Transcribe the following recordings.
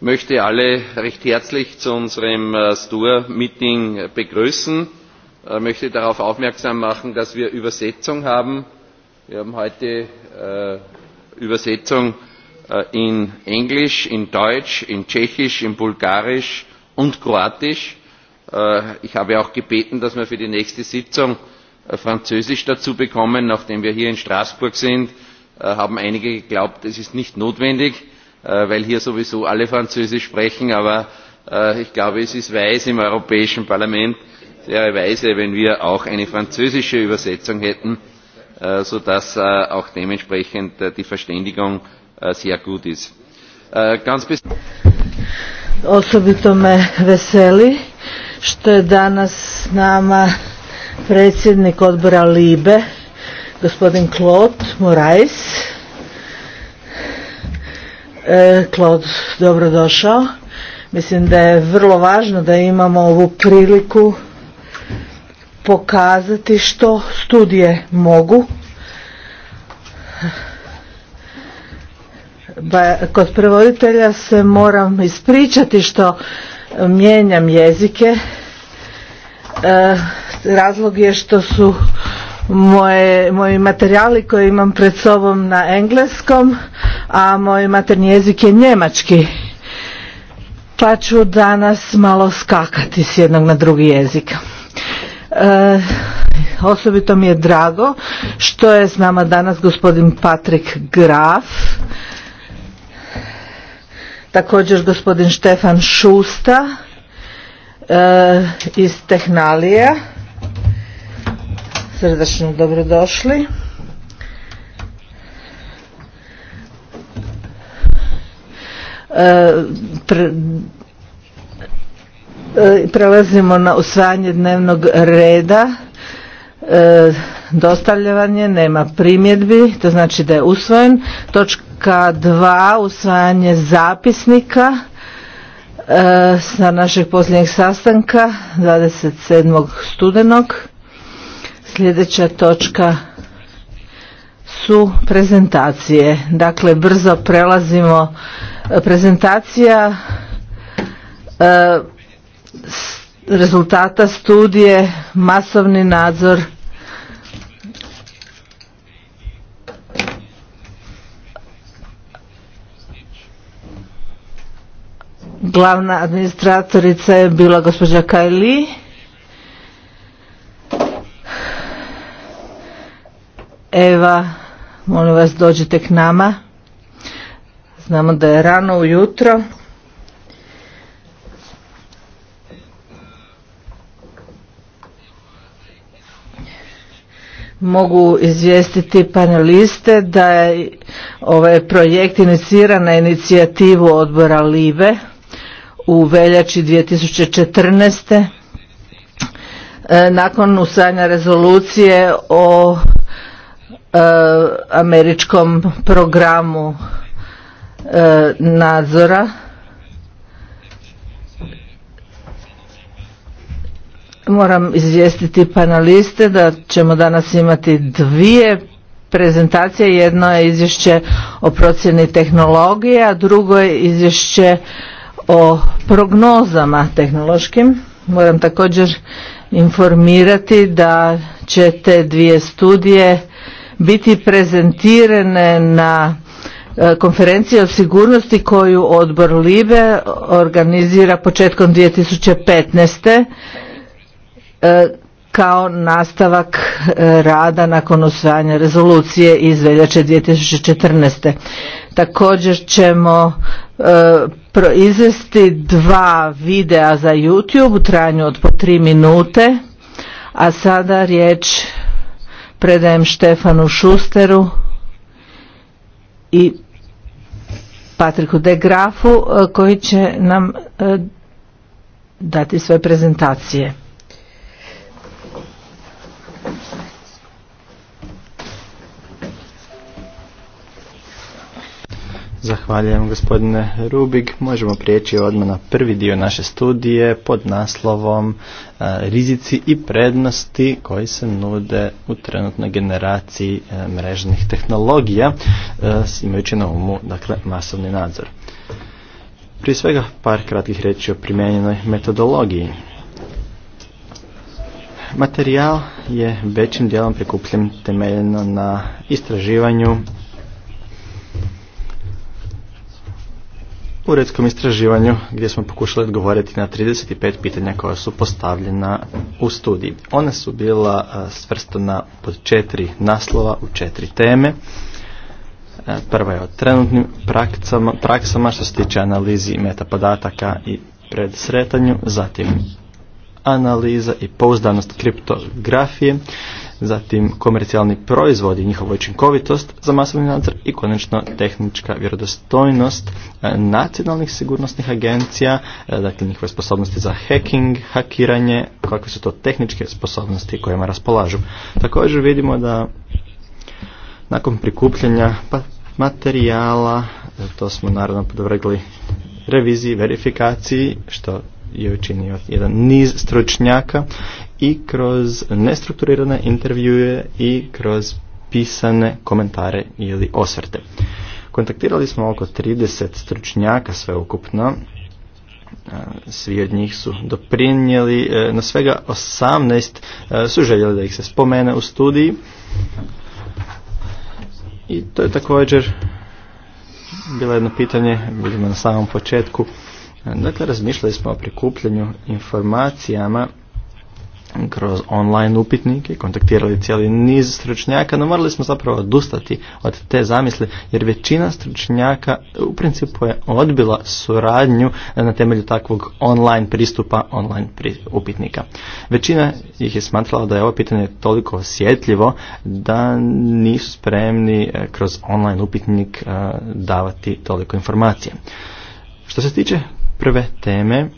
möchte alle recht herzlich zu unserem äh, stur meeting begrüßen. ich äh, möchte darauf aufmerksam machen dass wir übersetzung haben. wir haben heute äh, übersetzung in englisch in deutsch in tschechisch in bulgarisch und kroatisch. ich habe auch gebeten dass wir für die nächste sitzung französisch dazu bekommen. nachdem wir hier in straßburg sind haben einige geglaubt es ist nicht notwendig. Äh, weil hier sowieso alle Französisch sprechen, aber äh, ich glaube, es ist weise im Europäischen Parlament, es wäre weise, wenn wir auch eine französische Übersetzung hätten, äh, sodass auch dementsprechend die Verständigung sehr gut ist. Osobito me veseli što je danas s nama predsjednik odbora Libe, gospodin Klot Morais Klod, e, dobrodošao. Mislim da je vrlo važno da imamo ovu priliku pokazati što studije mogu. kod prevoditelja se moram ispričati što mijenjam jezike. E, razlog je što su moje, moji materijali koje imam pred sobom na engleskom, a moj materni jezik je njemački. Pa ću danas malo skakati s jednog na drugi jezik. E, osobito mi je drago što je s nama danas gospodin Patrik Graf, također gospodin Štefan Šusta e, iz Tehnalija Srdačno dobrodošli. E, e, prelazimo na usvajanje dnevnog reda. E, dostavljavanje, nema primjedbi, to znači da je usvojen. Točka 2, usvajanje zapisnika sa našeg posljednjeg sastanka 27. studenog. Sljedeća točka su prezentacije. Dakle, brzo prelazimo prezentacija e, rezultata studije masovni nadzor Glavna administratorica je bila gospođa Kajli. Eva, molim vas dođite k nama. Znamo da je rano ujutro. Mogu izvijestiti paneliste da je ovaj projekt iniciran na inicijativu odbora LIBE u veljači 2014. E, nakon usajanja rezolucije o E, američkom programu e, nadzora moram izvijestiti paneliste da ćemo danas imati dvije prezentacije jedno je izvješće o procjeni tehnologije a drugo je izvješće o prognozama tehnološkim moram također informirati da će te dvije studije biti prezentirane na e, konferenciji o sigurnosti koju odbor Libe organizira početkom 2015. E, kao nastavak e, rada nakon usvajanja rezolucije iz veljače 2014. Također ćemo proizvesti dva videa za YouTube u trajanju od po tri minute, a sada riječ predajem Štefanu Šusteru i Patriku de Grafu eh, koji će nam eh, dati svoje prezentacije. Zahvaljujem gospodine Rubik. Možemo prijeći odmah na prvi dio naše studije pod naslovom e, Rizici i prednosti koji se nude u trenutnoj generaciji e, mrežnih tehnologija e, imajući na umu dakle, masovni nadzor. Prije svega par kratkih reći o primijenjenoj metodologiji. Materijal je većim dijelom prikupljen temeljeno na istraživanju u istraživanju gdje smo pokušali odgovoriti na 35 pitanja koja su postavljena u studiji. Ona su bila e, svrstana pod četiri naslova u četiri teme. E, prva je o trenutnim praksama, praksama što se tiče analizi metapodataka i predsretanju, zatim analiza i pouzdanost kriptografije, zatim komercijalni proizvodi i njihova učinkovitost za masovni nadzor i konačno tehnička vjerodostojnost e, nacionalnih sigurnosnih agencija, e, dakle njihove sposobnosti za hacking, hakiranje, kakve su to tehničke sposobnosti kojima raspolažu. Također vidimo da nakon prikupljanja pa, materijala, e, to smo naravno podvrgli reviziji, verifikaciji, što je učinio jedan niz stručnjaka i kroz nestrukturirane intervjue i kroz pisane komentare ili osvrte. Kontaktirali smo oko 30 stručnjaka sveukupno, e, svi od njih su doprinijeli, e, na svega 18 e, su željeli da ih se spomene u studiji i to je također bilo jedno pitanje, vidimo na samom početku. Dakle, razmišljali smo o prikupljanju informacijama kroz online upitnike, kontaktirali cijeli niz stručnjaka, no morali smo zapravo odustati od te zamisli, jer većina stručnjaka u principu je odbila suradnju na temelju takvog online pristupa, online upitnika. Većina ih je smatrala da je ovo pitanje toliko osjetljivo da nisu spremni eh, kroz online upitnik eh, davati toliko informacije. Što se tiče prve teme,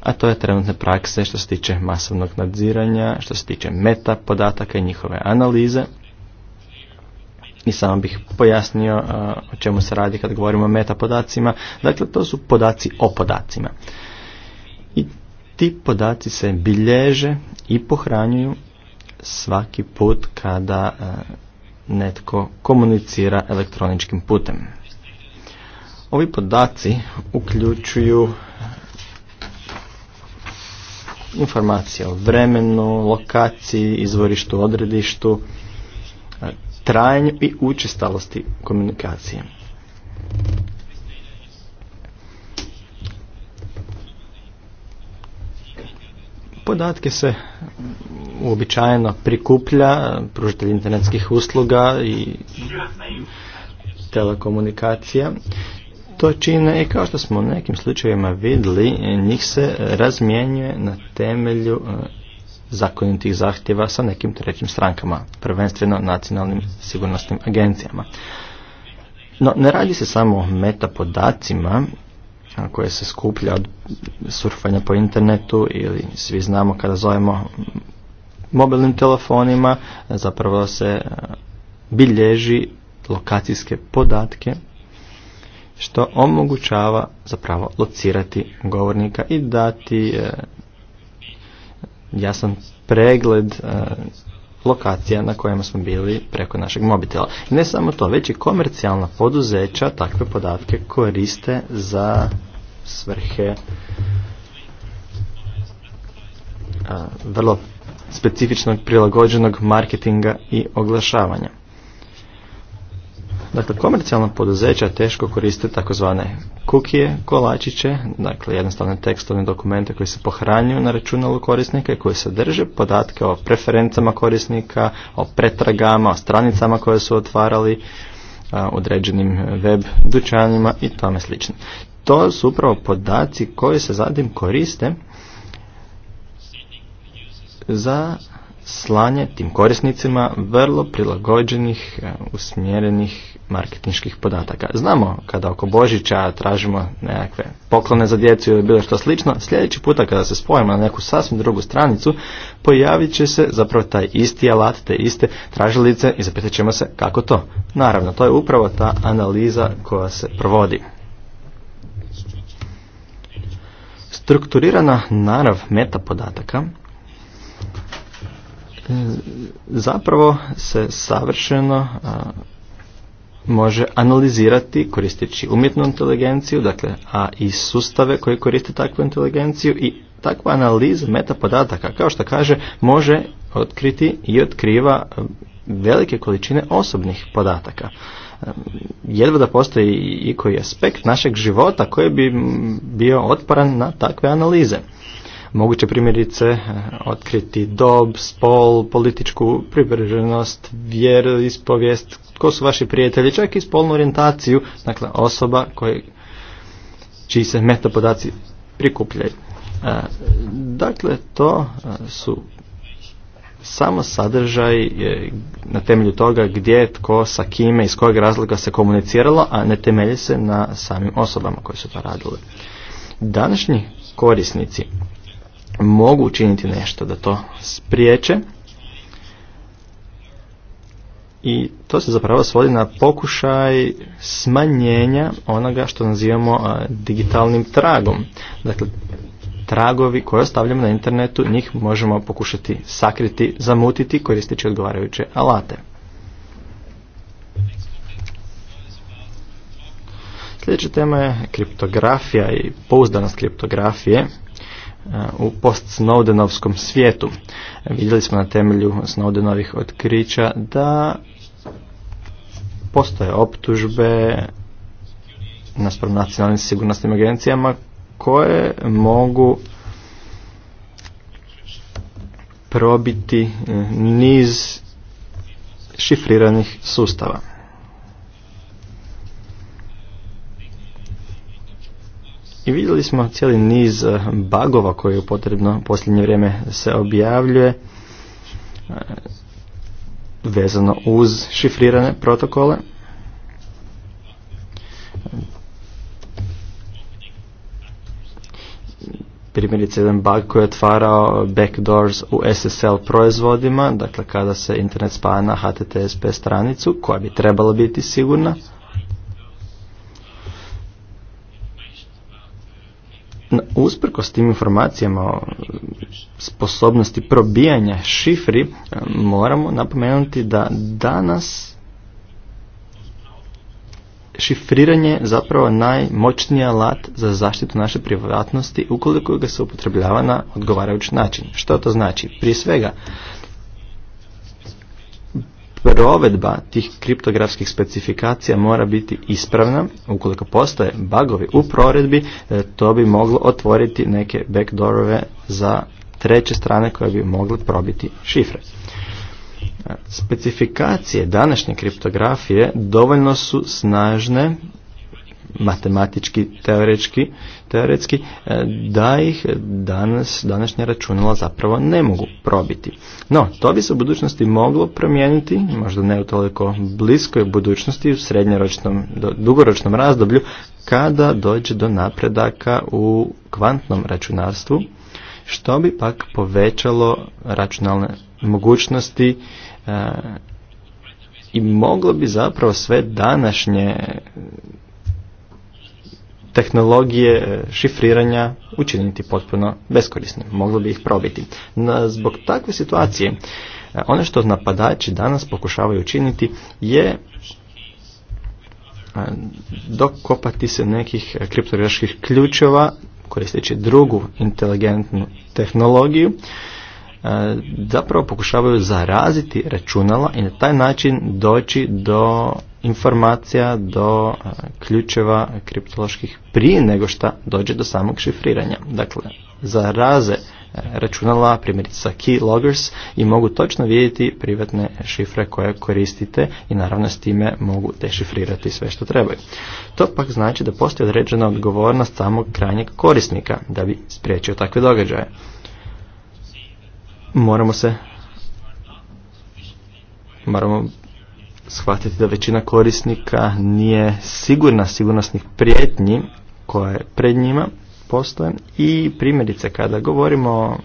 a to je trenutne prakse što se tiče masovnog nadziranja, što se tiče meta podataka i njihove analize. I samo bih pojasnio o čemu se radi kad govorimo o meta podacima. Dakle, to su podaci o podacima. I ti podaci se bilježe i pohranjuju svaki put kada netko komunicira elektroničkim putem. Ovi podaci uključuju Informacija o vremenu, lokaciji, izvorištu, odredištu, e, trajanju i učestalosti komunikacije. Podatke se uobičajeno prikuplja pružatelj internetskih usluga i telekomunikacija to čine i kao što smo u nekim slučajevima vidjeli, njih se razmjenjuje na temelju e, zakonitih zahtjeva sa nekim trećim strankama, prvenstveno nacionalnim sigurnosnim agencijama. No, ne radi se samo o metapodacima koje se skuplja od surfanja po internetu ili svi znamo kada zovemo mobilnim telefonima, zapravo se e, bilježi lokacijske podatke što omogućava zapravo locirati govornika i dati e, jasan pregled e, lokacija na kojima smo bili preko našeg mobitela. Ne samo to, već i komercijalna poduzeća takve podatke koriste za svrhe e, vrlo specifičnog prilagođenog marketinga i oglašavanja. Dakle, komercijalna poduzeća teško koriste takozvane kukije, kolačiće, dakle jednostavne tekstovne dokumente koji se pohranjuju na računalu korisnika i koji sadrže podatke o preferencama korisnika, o pretragama, o stranicama koje su otvarali, određenim web dućanima i tome slično. To su upravo podaci koji se zadim koriste za slanje tim korisnicima vrlo prilagođenih, e, usmjerenih marketinških podataka. Znamo kada oko Božića tražimo nekakve poklone za djecu ili bilo što slično, sljedeći puta kada se spojimo na neku sasvim drugu stranicu, pojavit će se zapravo taj isti alat, te iste tražilice i zapitat ćemo se kako to. Naravno, to je upravo ta analiza koja se provodi. Strukturirana narav metapodataka podataka zapravo se savršeno može analizirati koristeći umjetnu inteligenciju, dakle, a i sustave koji koriste takvu inteligenciju i takva analiza metapodataka, kao što kaže, može otkriti i otkriva velike količine osobnih podataka. Jedva da postoji i koji aspekt našeg života koji bi bio otporan na takve analize moguće primjerice eh, otkriti dob, spol, političku pribrženost, vjeru, ispovijest, ko su vaši prijatelji, čak i spolnu orijentaciju, dakle osoba koje, čiji se metapodaci prikupljaju. Eh, dakle, to eh, su samo sadržaj na temelju toga gdje, tko, sa kime, iz kojeg razloga se komuniciralo, a ne temelji se na samim osobama koje su to radile. Današnji korisnici mogu učiniti nešto da to spriječe. I to se zapravo svodi na pokušaj smanjenja onoga što nazivamo digitalnim tragom. Dakle, tragovi koje ostavljamo na internetu, njih možemo pokušati sakriti, zamutiti koristeći odgovarajuće alate. Sljedeća tema je kriptografija i pouzdanost kriptografije u post-Snowdenovskom svijetu. Vidjeli smo na temelju Snowdenovih otkrića da postoje optužbe naspram nacionalnim sigurnosnim agencijama koje mogu probiti eh, niz šifriranih sustava. I vidjeli smo cijeli niz eh, bagova koje je potrebno u posljednje vrijeme se objavljuje eh, vezano uz šifrirane protokole. primjerice jedan bug koji je otvarao backdoors u SSL proizvodima, dakle kada se internet spaja na HTTPS stranicu koja bi trebala biti sigurna. usprkos tim informacijama o sposobnosti probijanja šifri, e, moramo napomenuti da danas šifriranje je zapravo najmoćniji alat za zaštitu naše privatnosti ukoliko ga se upotrebljava na odgovarajući način. Što to znači? Prije svega, provedba tih kriptografskih specifikacija mora biti ispravna. Ukoliko postoje bagovi u proredbi, e, to bi moglo otvoriti neke backdoorove za treće strane koje bi mogle probiti šifre. E, specifikacije današnje kriptografije dovoljno su snažne matematički, teoretski, teoretski e, da ih danas, današnja računala zapravo ne mogu probiti. No, to bi se u budućnosti moglo promijeniti, možda ne u toliko bliskoj budućnosti, u srednjoročnom, dugoročnom razdoblju, kada dođe do napredaka u kvantnom računarstvu, što bi pak povećalo računalne mogućnosti e, i moglo bi zapravo sve današnje tehnologije e, šifriranja učiniti potpuno beskorisne. Moglo bi ih probiti. Na, zbog takve situacije, e, ono što napadači danas pokušavaju učiniti je e, dokopati se nekih kriptografskih ključeva koristeći drugu inteligentnu tehnologiju E, zapravo pokušavaju zaraziti računala i na taj način doći do informacija, do e, ključeva kriptoloških prije nego što dođe do samog šifriranja. Dakle, zaraze e, računala, primjerice sa keyloggers i mogu točno vidjeti privatne šifre koje koristite i naravno s time mogu dešifrirati sve što trebaju. To pak znači da postoji određena odgovornost samog krajnjeg korisnika da bi spriječio takve događaje moramo se moramo shvatiti da većina korisnika nije sigurna sigurnosnih prijetnji koje pred njima postoje i primjerice kada govorimo o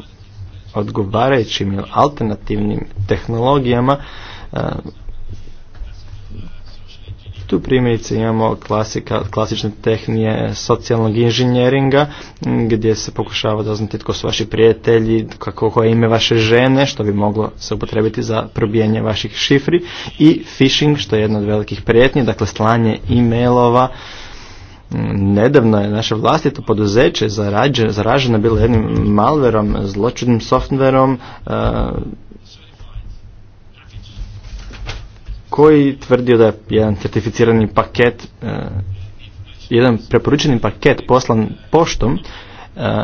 odgovarajućim ili alternativnim tehnologijama eh, tu primjerice imamo klasika, klasične tehnije socijalnog inženjeringa gdje se pokušava doznati tko su vaši prijatelji, kako koje ime vaše žene, što bi moglo se upotrebiti za probijanje vaših šifri i phishing što je jedna od velikih prijetnji, dakle slanje e-mailova Nedavno je naše vlastito poduzeće zaraženo bilo jednim malverom, zločudnim softverom, e, koji tvrdio da je jedan certificirani paket, e, jedan preporučeni paket poslan poštom e,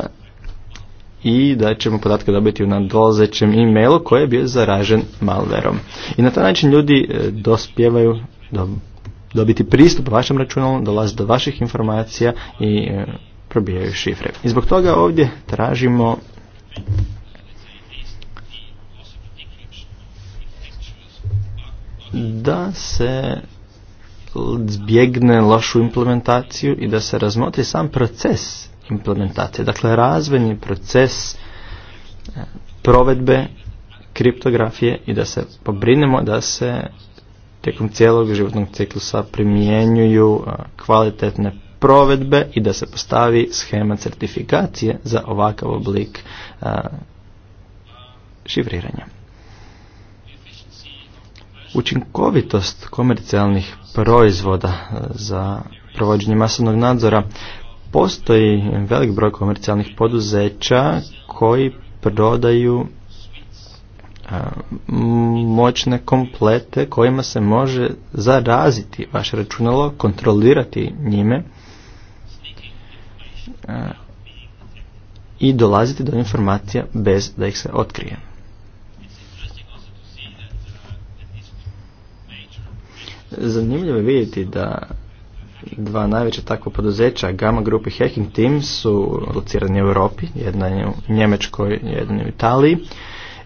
i da ćemo podatke dobiti u nadolazećem e-mailu koji je bio zaražen malverom. I na taj način ljudi e, dospjevaju do, dobiti pristup vašem računalu, dolaze do vaših informacija i probijaju šifre. I zbog toga ovdje tražimo da se zbjegne lošu implementaciju i da se razmotri sam proces implementacije. Dakle, razvojni proces e, provedbe kriptografije i da se pobrinemo da se tijekom cijelog životnog ciklusa primjenjuju e, kvalitetne provedbe i da se postavi schema certifikacije za ovakav oblik e, šifriranja. Učinkovitost komercijalnih proizvoda e, za provođenje masovnog nadzora postoji velik broj komercijalnih poduzeća koji prodaju e, moćne komplete kojima se može zaraziti vaše računalo, kontrolirati njime e, i dolaziti do informacija bez da ih se otkrije. Zanimljivo je vidjeti da dva najveća takva poduzeća, Gamma Group i Hacking Team, su locirani u Europi, jedna je u Njemačkoj, jedna je u Italiji.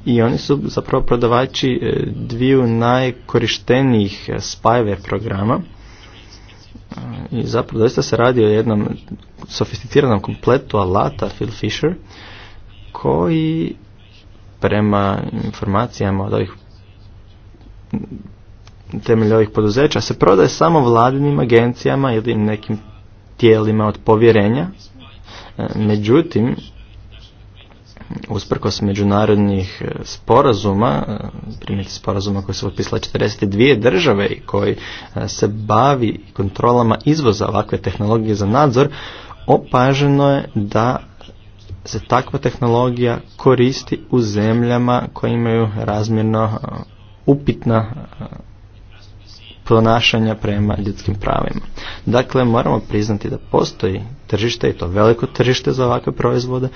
I oni su zapravo prodavači e, dviju najkorištenijih e, spyware programa. E, I zapravo doista se radi o jednom sofisticiranom kompletu alata Phil Fisher koji prema informacijama od ovih temelju ovih poduzeća se prodaje samo vladinim agencijama ili nekim tijelima od povjerenja. E, međutim, usprkos međunarodnih e, sporazuma, e, primjeti sporazuma koji su otpisala 42 države i koji se bavi kontrolama izvoza ovakve tehnologije za nadzor, opaženo je da se takva tehnologija koristi u zemljama koje imaju razmjerno upitna ponašanja prema ljudskim pravima. Dakle, moramo priznati da postoji tržište i to veliko tržište za ovakve proizvode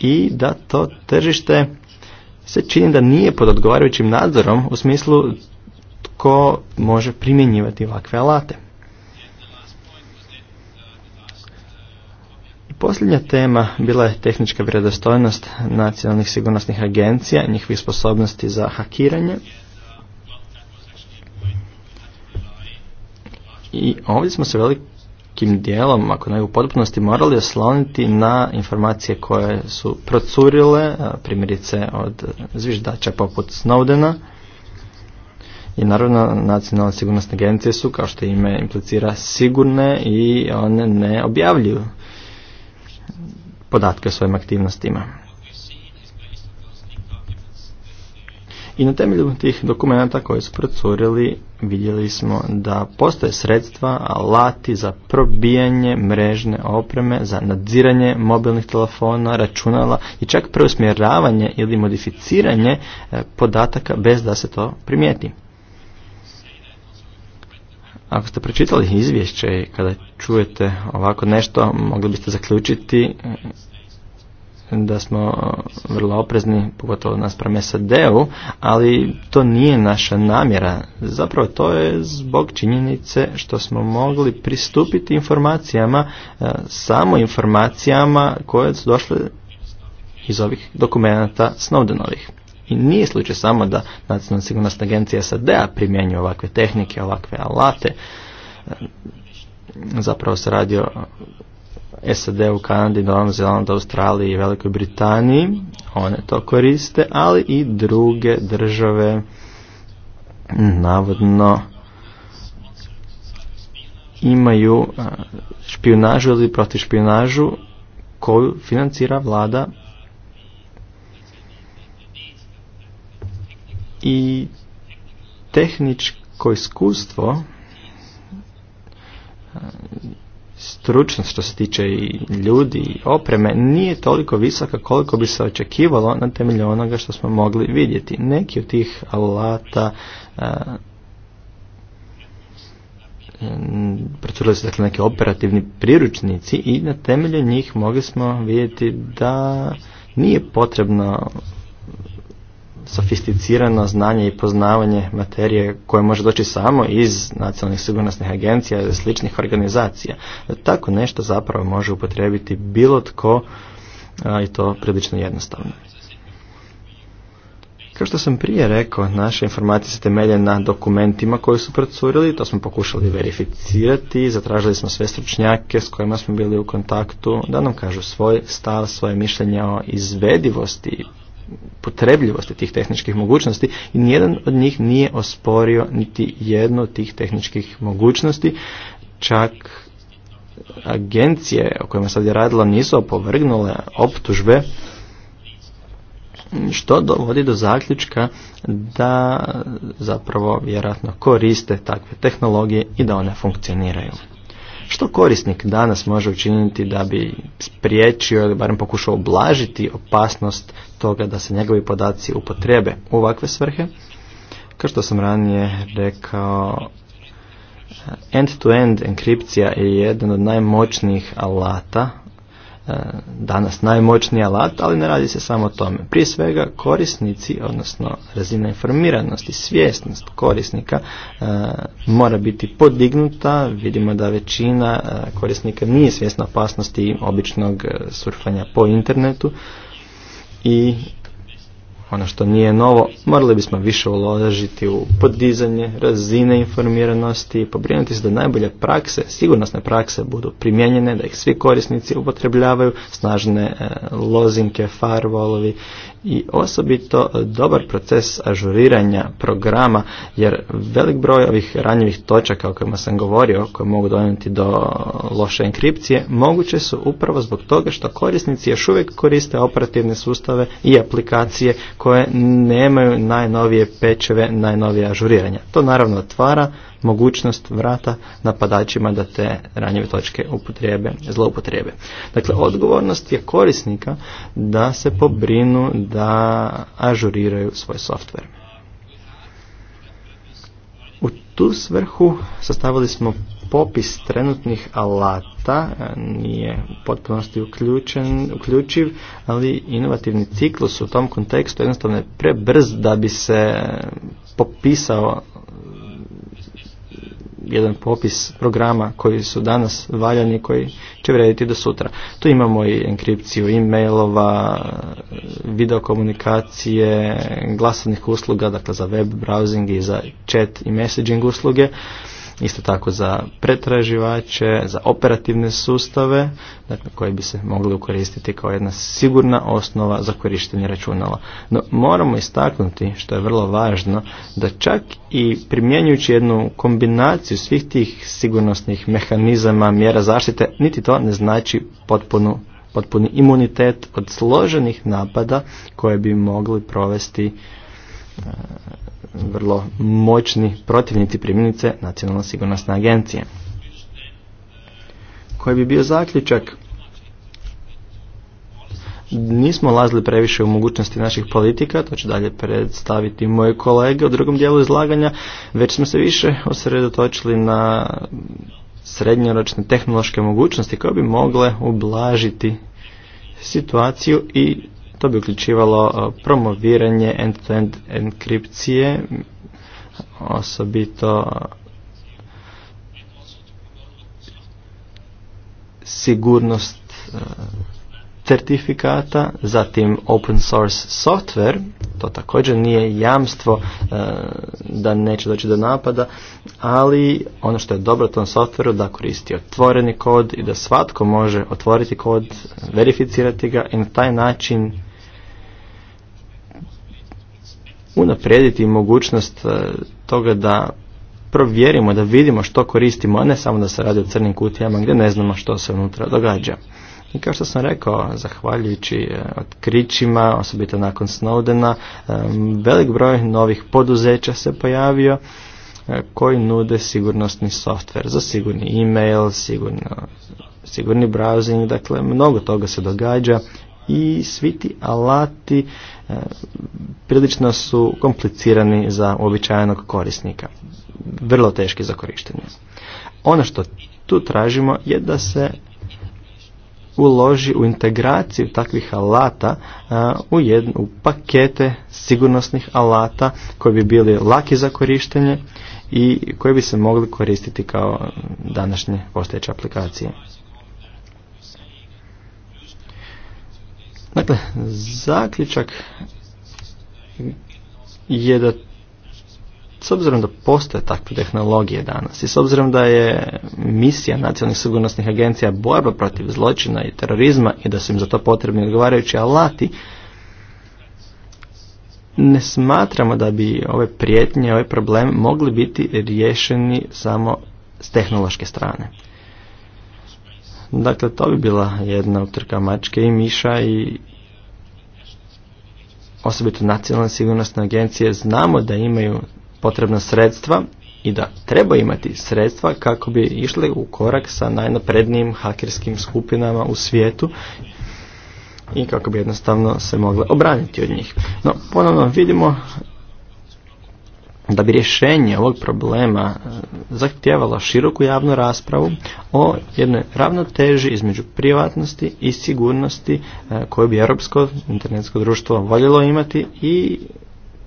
i da to tržište se čini da nije pod odgovarajućim nadzorom u smislu tko može primjenjivati ovakve alate. Posljednja tema bila je tehnička vredostojnost nacionalnih sigurnosnih agencija, njihovih sposobnosti za hakiranje I ovdje smo se velikim dijelom, ako ne u potpunosti, morali osloniti na informacije koje su procurile, primjerice od zviždača poput Snowdena. I naravno, nacionalne sigurnosne agencije su, kao što ime implicira, sigurne i one ne objavljuju podatke o svojim aktivnostima. I na temelju tih dokumenta koje su procurili vidjeli smo da postoje sredstva, alati za probijanje mrežne opreme, za nadziranje mobilnih telefona, računala i čak preusmjeravanje ili modificiranje e, podataka bez da se to primijeti. Ako ste pročitali izvješće i kada čujete ovako nešto, mogli biste zaključiti e, da smo uh, vrlo oprezni, pogotovo prema SAD-u, ali to nije naša namjera. Zapravo to je zbog činjenice što smo mogli pristupiti informacijama, uh, samo informacijama koje su došle iz ovih dokumenata Snowdenovih. I nije slučaj samo da Nacionalna sigurnosna agencija SAD-a primjenjuje ovakve tehnike, ovakve alate. Zapravo se radi o SAD u Kanadi, Novom Zelandu, Australiji i Velikoj Britaniji, one to koriste, ali i druge države navodno imaju špionažu ili protiv špionažu koju financira vlada i tehničko iskustvo stručnost što se tiče i ljudi i opreme nije toliko visoka koliko bi se očekivalo na temelju onoga što smo mogli vidjeti. Neki od tih alata a, procurili su dakle, neki operativni priručnici i na temelju njih mogli smo vidjeti da nije potrebno sofisticirano znanje i poznavanje materije koje može doći samo iz nacionalnih sigurnosnih agencija i sličnih organizacija. Tako nešto zapravo može upotrijebiti bilo tko i to prilično jednostavno. Kao što sam prije rekao, naše informacije se temelje na dokumentima koji su procurili, to smo pokušali verificirati, zatražili smo sve stručnjake s kojima smo bili u kontaktu da nam kažu svoj stav, svoje mišljenje o izvedivosti potrebljivosti tih tehničkih mogućnosti i nijedan od njih nije osporio niti jednu od tih tehničkih mogućnosti, čak agencije o kojima sad je radila nisu opovrgnule optužbe što dovodi do zaključka da zapravo vjerojatno koriste takve tehnologije i da one funkcioniraju. Što korisnik danas može učiniti da bi spriječio ili barem pokušao oblažiti opasnost toga da se njegovi podaci upotrebe u ovakve svrhe? Kao što sam ranije rekao, end-to-end -end enkripcija je jedan od najmoćnijih alata E, danas najmoćniji alat, ali ne radi se samo o tome. Prije svega korisnici, odnosno razina informiranosti, svjesnost korisnika e, mora biti podignuta. Vidimo da većina e, korisnika nije svjesna opasnosti običnog surfanja po internetu i ono što nije novo, morali bismo više uložiti u podizanje razine informiranosti i pobrinuti se da najbolje prakse, sigurnosne prakse budu primijenjene, da ih svi korisnici upotrebljavaju, snažne e, lozinke, firewallovi i osobito dobar proces ažuriranja programa jer velik broj ovih ranjivih točaka o kojima sam govorio koje mogu donijeti do loše enkripcije moguće su upravo zbog toga što korisnici još uvijek koriste operativne sustave i aplikacije koje nemaju najnovije pečeve, najnovije ažuriranja. To naravno otvara mogućnost vrata napadačima da te ranjive točke upotrebe, zloupotrijebe. Dakle, odgovornost je korisnika da se pobrinu da ažuriraju svoj software. U tu svrhu sastavili smo popis trenutnih alata, nije u potpunosti uključen, uključiv, ali inovativni ciklus u tom kontekstu jednostavno je prebrz da bi se popisao jedan popis programa koji su danas valjani koji će vrediti do sutra. Tu imamo i enkripciju e-mailova, videokomunikacije, glasovnih usluga, dakle za web browsing i za chat i messaging usluge isto tako za pretraživače, za operativne sustave, dakle, koji bi se mogli koristiti kao jedna sigurna osnova za korištenje računala. No, moramo istaknuti, što je vrlo važno, da čak i primjenjujući jednu kombinaciju svih tih sigurnosnih mehanizama, mjera zaštite, niti to ne znači potpuni imunitet od složenih napada koje bi mogli provesti vrlo moćni protivnici primjenice Nacionalna sigurnosne agencije. Koji bi bio zaključak nismo lazili previše u mogućnosti naših politika, to ću dalje predstaviti moje kolege u drugom dijelu izlaganja, već smo se više osredotočili na srednjoročne tehnološke mogućnosti koje bi mogle ublažiti situaciju i to bi uključivalo e, promoviranje end-to-end enkripcije, osobito e, sigurnost e, certifikata, zatim open source software, to također nije jamstvo da neće doći do napada, ali ono što je dobro tom softveru da koristi otvoreni kod i da svatko može otvoriti kod, verificirati ga i na taj način unaprijediti mogućnost e, toga da provjerimo, da vidimo što koristimo, a ne samo da se radi o crnim kutijama gdje ne znamo što se unutra događa. I kao što sam rekao, zahvaljujući e, otkrićima, osobito nakon Snowdena, e, velik broj novih poduzeća se pojavio koji nude sigurnosni softver za sigurni e-mail, sigurno, sigurni browsing, dakle mnogo toga se događa i svi ti alati E, prilično su komplicirani za uobičajenog korisnika. Vrlo teški za korištenje. Ono što tu tražimo je da se uloži u integraciju takvih alata e, u, u pakete sigurnosnih alata koji bi bili laki za korištenje i koji bi se mogli koristiti kao današnje postojeće aplikacije. Dakle, zaključak je da s obzirom da postoje takve tehnologije danas i s obzirom da je misija nacionalnih sigurnosnih agencija borba protiv zločina i terorizma i da su im za to potrebni odgovarajući alati, ne smatramo da bi ove prijetnje, ovaj problem mogli biti riješeni samo s tehnološke strane. Dakle, to bi bila jedna utrka mačke i miša i osobito nacionalne sigurnosne agencije znamo da imaju potrebna sredstva i da treba imati sredstva kako bi išle u korak sa najnaprednijim hakerskim skupinama u svijetu i kako bi jednostavno se mogle obraniti od njih. No, ponovno vidimo da bi rješenje ovog problema e, zahtjevalo široku javnu raspravu o jednoj ravnoteži između privatnosti i sigurnosti e, koju bi europsko internetsko društvo voljelo imati i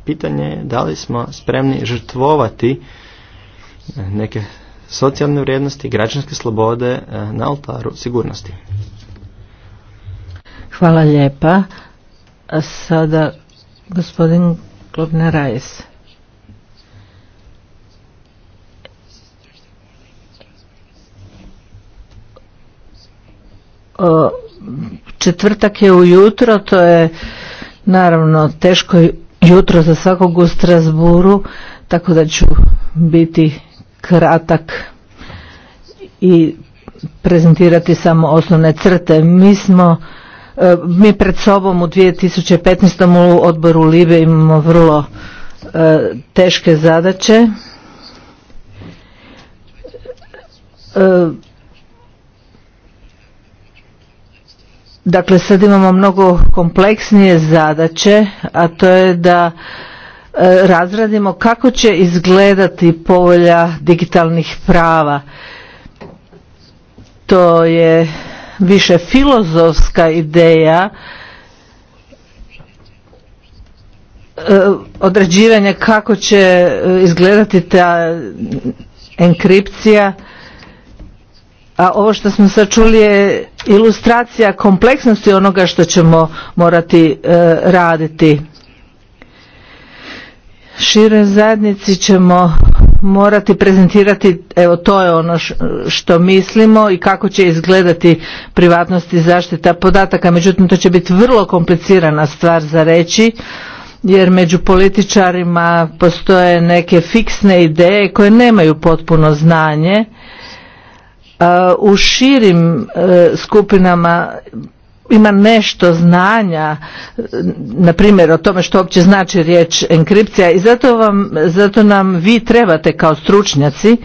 pitanje je da li smo spremni žrtvovati e, neke socijalne vrijednosti, građanske slobode na altaru sigurnosti. Hvala lijepa. sada gospodin Klobner četvrtak je ujutro, to je naravno teško jutro za svakog u Strasburu, tako da ću biti kratak i prezentirati samo osnovne crte. Mi smo e, mi pred sobom u 2015. u odboru Libe imamo vrlo e, teške zadaće. E, Dakle, sad imamo mnogo kompleksnije zadaće, a to je da e, razradimo kako će izgledati povolja digitalnih prava. To je više filozofska ideja e, određivanja kako će e, izgledati ta enkripcija, a ovo što smo sad čuli je ilustracija kompleksnosti onoga što ćemo morati e, raditi. Široj zajednici ćemo morati prezentirati, evo to je ono što mislimo i kako će izgledati privatnost i zaštita podataka. Međutim, to će biti vrlo komplicirana stvar za reći jer među političarima postoje neke fiksne ideje koje nemaju potpuno znanje u širim e, skupinama ima nešto znanja na primjer o tome što uopće znači riječ enkripcija i zato, vam, zato nam vi trebate kao stručnjaci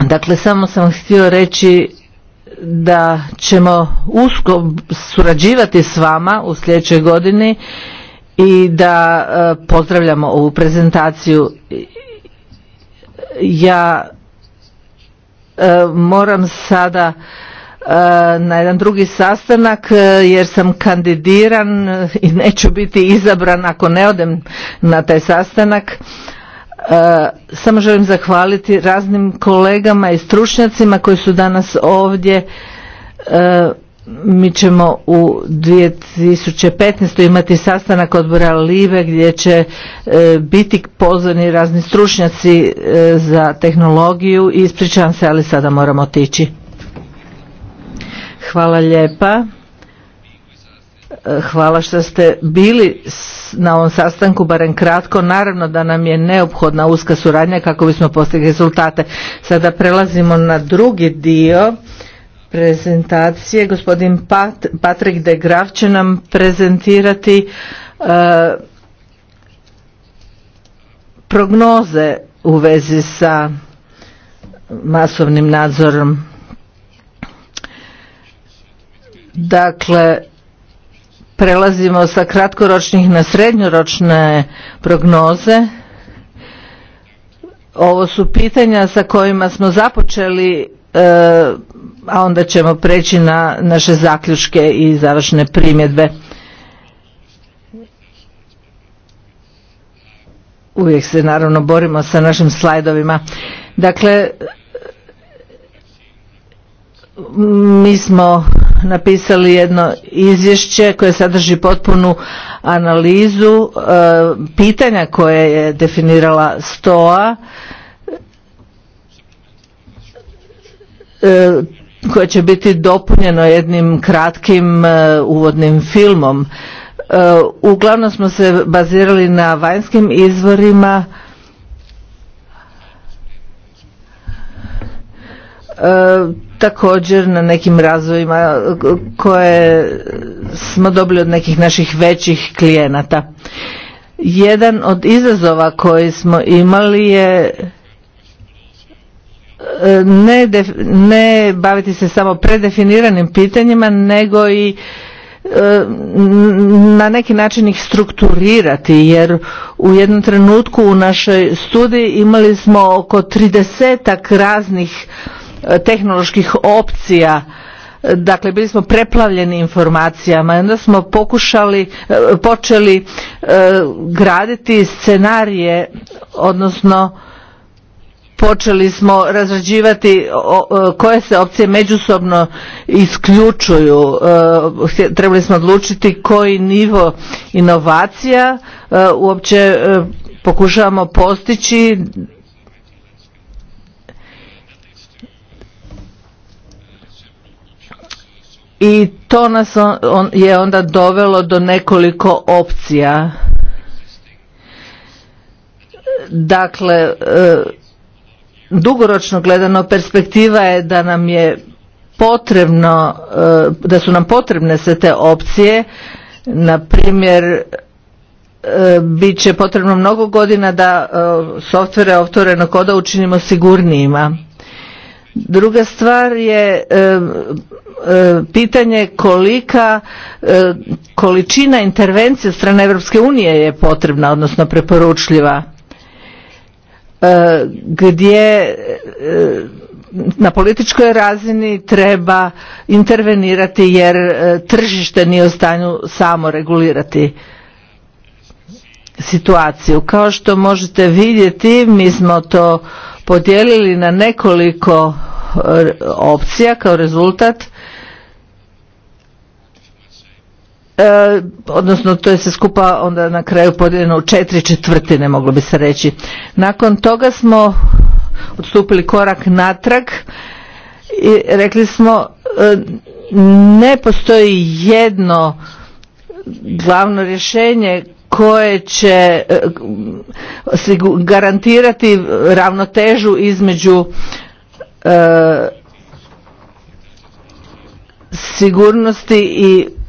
dakle samo sam htio reći da ćemo usko surađivati s vama u sljedećoj godini i da e, pozdravljamo ovu prezentaciju ja E, moram sada e, na jedan drugi sastanak e, jer sam kandidiran i neću biti izabran ako ne odem na taj sastanak. Samo želim zahvaliti raznim kolegama i stručnjacima koji su danas ovdje mi ćemo u 2015. imati sastanak odbora Live gdje će e, biti pozvani razni stručnjaci e, za tehnologiju i ispričavam se ali sada moramo otići. Hvala lijepa. E, hvala što ste bili na ovom sastanku, barem kratko. Naravno da nam je neophodna uska suradnja kako bismo postigli rezultate. Sada prelazimo na drugi dio prezentacije. Gospodin Pat, Patrik de Graf će nam prezentirati e, prognoze u vezi sa masovnim nadzorom. Dakle, prelazimo sa kratkoročnih na srednjoročne prognoze. Ovo su pitanja sa kojima smo započeli a onda ćemo preći na naše zaključke i završne primjedbe. Uvijek se naravno borimo sa našim slajdovima. Dakle, mi smo napisali jedno izvješće koje sadrži potpunu analizu e, pitanja koje je definirala STOA E, koje će biti dopunjeno jednim kratkim e, uvodnim filmom. E, uglavnom smo se bazirali na vanjskim izvorima također na nekim razvojima koje smo dobili od nekih naših većih klijenata. Jedan od izazova koji smo imali je ne, ne baviti se samo predefiniranim pitanjima nego i e, na neki način ih strukturirati jer u jednom trenutku u našoj studiji imali smo oko tridesetak raznih e, tehnoloških opcija dakle bili smo preplavljeni informacijama i onda smo pokušali e, počeli graditi scenarije odnosno počeli smo razrađivati koje se opcije međusobno isključuju. E, trebali smo odlučiti koji nivo inovacija e, uopće e, pokušavamo postići i to nas je onda dovelo do nekoliko opcija. Dakle, dugoročno gledano perspektiva je da nam je potrebno, e, da su nam potrebne sve te opcije, na primjer e, bit će potrebno mnogo godina da e, softvere otvorenog koda učinimo sigurnijima. Druga stvar je pitanje kolika količina intervencije strane Europske unije je potrebna, odnosno preporučljiva. E, gdje e, na političkoj razini treba intervenirati jer e, tržište nije u stanju samo regulirati situaciju. Kao što možete vidjeti, mi smo to podijelili na nekoliko opcija kao rezultat E, odnosno to je se skupa onda na kraju podijeljeno u četiri četvrtine moglo bi se reći. Nakon toga smo odstupili korak natrag i rekli smo e, ne postoji jedno glavno rješenje koje će e, garantirati ravnotežu između sigurnosti i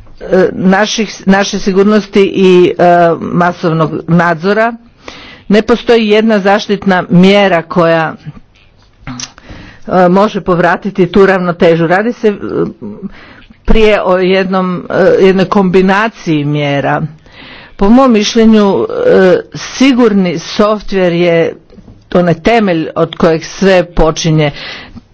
naših, naše sigurnosti i e, masovnog nadzora. Ne postoji jedna zaštitna mjera koja e, može povratiti tu ravnotežu. Radi se e, prije o jednom, jednoj kombinaciji mjera. Po mom mišljenju sigurni softver je onaj temelj od kojeg sve počinje.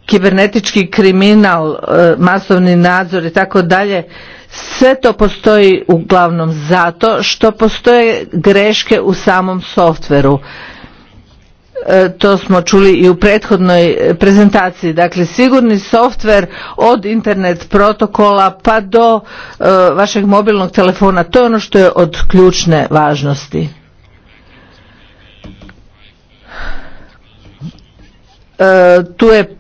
Kibernetički kriminal, masovni nadzor i tako dalje sve to postoji uglavnom zato što postoje greške u samom softveru. E, to smo čuli i u prethodnoj prezentaciji. Dakle, sigurni softver od internet protokola pa do e, vašeg mobilnog telefona, to je ono što je od ključne važnosti. E, tu je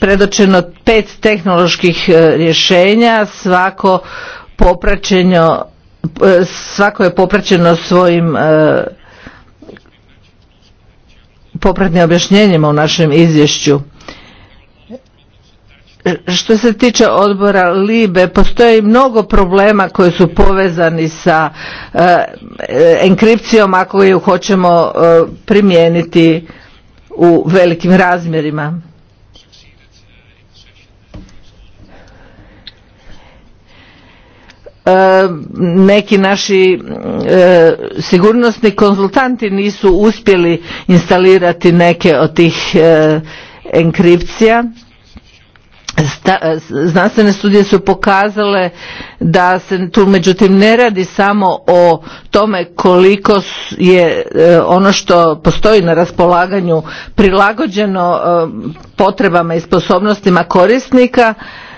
predočeno pet tehnoloških e, rješenja, svako popraćeno e, svako je popraćeno svojim e, popratnim objašnjenjima u našem izvješću. Što se tiče odbora Libe, postoji mnogo problema koji su povezani sa enkripcijom ako ju hoćemo primijeniti u velikim razmjerima. E, neki naši e, sigurnosni konzultanti nisu uspjeli instalirati neke od tih e, enkripcija znanstvene studije su pokazale da se tu međutim ne radi samo o tome koliko je ono što postoji na raspolaganju prilagođeno potrebama i sposobnostima korisnika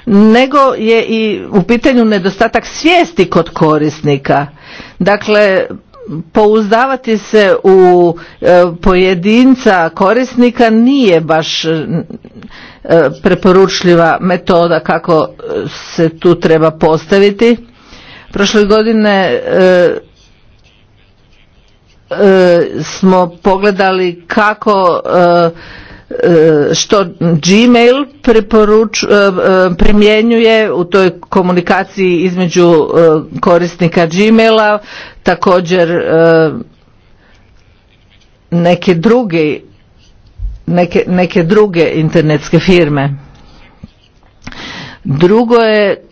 nego je i u pitanju nedostatak svijesti kod korisnika. Dakle, pouzdavati se u e, pojedinca korisnika nije baš e, preporučljiva metoda kako se tu treba postaviti. Prošle godine e, smo pogledali kako što Gmail e, e, primjenjuje u toj komunikaciji između e, korisnika Gmaila, također neke druge, neke, neke druge internetske firme. Drugo je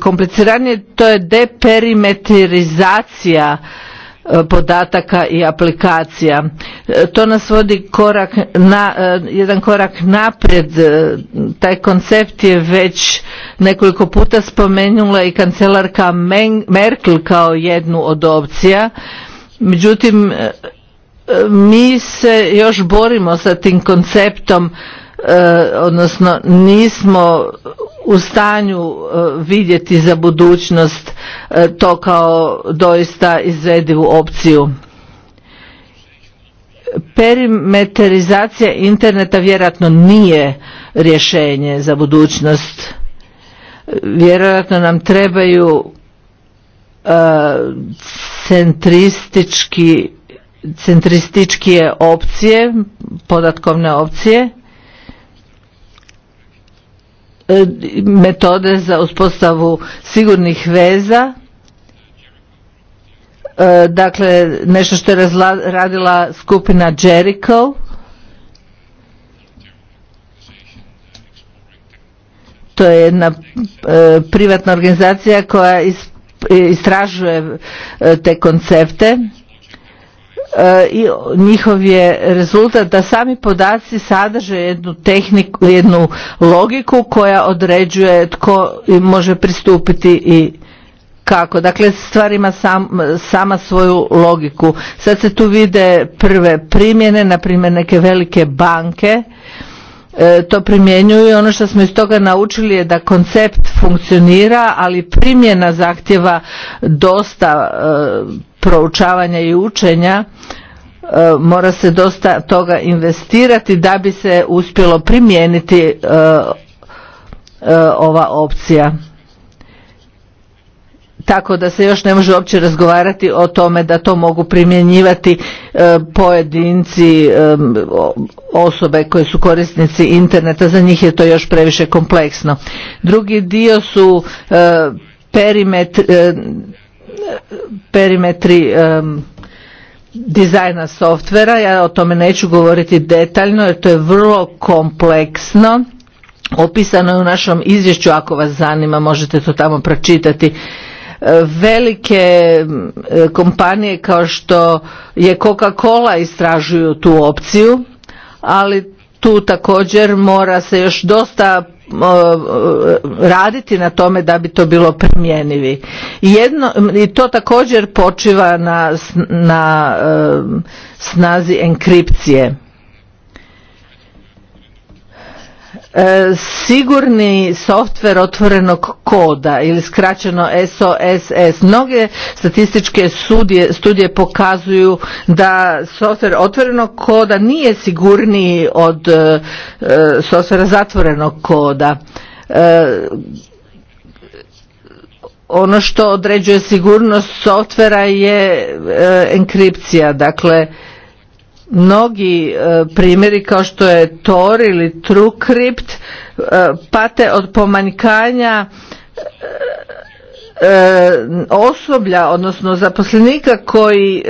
kompliciranje to je deperimetrizacija E, podataka i aplikacija. E, to nas vodi korak na, e, jedan korak naprijed. Taj koncept je već nekoliko puta spomenula i kancelarka Merkel kao jednu od opcija. Međutim, mi se još borimo sa tim konceptom, odnosno nismo u stanju e, vidjeti za budućnost e, to kao doista izvedivu opciju. Perimeterizacija interneta vjerojatno nije rješenje za budućnost. Vjerojatno nam trebaju e, centristički opcije, podatkovne opcije E, metode za uspostavu sigurnih veza e, dakle nešto što je radila skupina Jericho to je jedna e, privatna organizacija koja istražuje te koncepte i njihov je rezultat da sami podaci sadrže jednu tehniku, jednu logiku koja određuje tko može pristupiti i kako. Dakle, stvar ima sama svoju logiku. Sad se tu vide prve primjene, na primjer neke velike banke e, to primjenjuju i ono što smo iz toga naučili je da koncept funkcionira, ali primjena zahtjeva dosta e, proučavanja i učenja e, mora se dosta toga investirati da bi se uspjelo primijeniti e, e, ova opcija tako da se još ne može uopće razgovarati o tome da to mogu primjenjivati pojedinci osobe koje su korisnici interneta za njih je to još previše kompleksno drugi dio su perimetri perimetri dizajna softvera. Ja o tome neću govoriti detaljno jer to je vrlo kompleksno. Opisano je u našem izvješću, ako vas zanima možete to tamo pročitati. E, velike kompanije kao što je Coca-Cola istražuju tu opciju, ali tu također mora se još dosta raditi na tome da bi to bilo primjenivi. Jedno, I to također počiva na, na e, snazi enkripcije. E, sigurni softver otvorenog koda ili skraćeno SOSS. Mnoge statističke studije, pokazuju da softver otvorenog koda nije sigurniji od e, e, softvera zatvorenog koda. ono što određuje sigurnost softvera je enkripcija, dakle mnogi e, primjeri kao što je Tor ili TrueCrypt e, pate od pomanjkanja e, osoblja, odnosno zaposlenika koji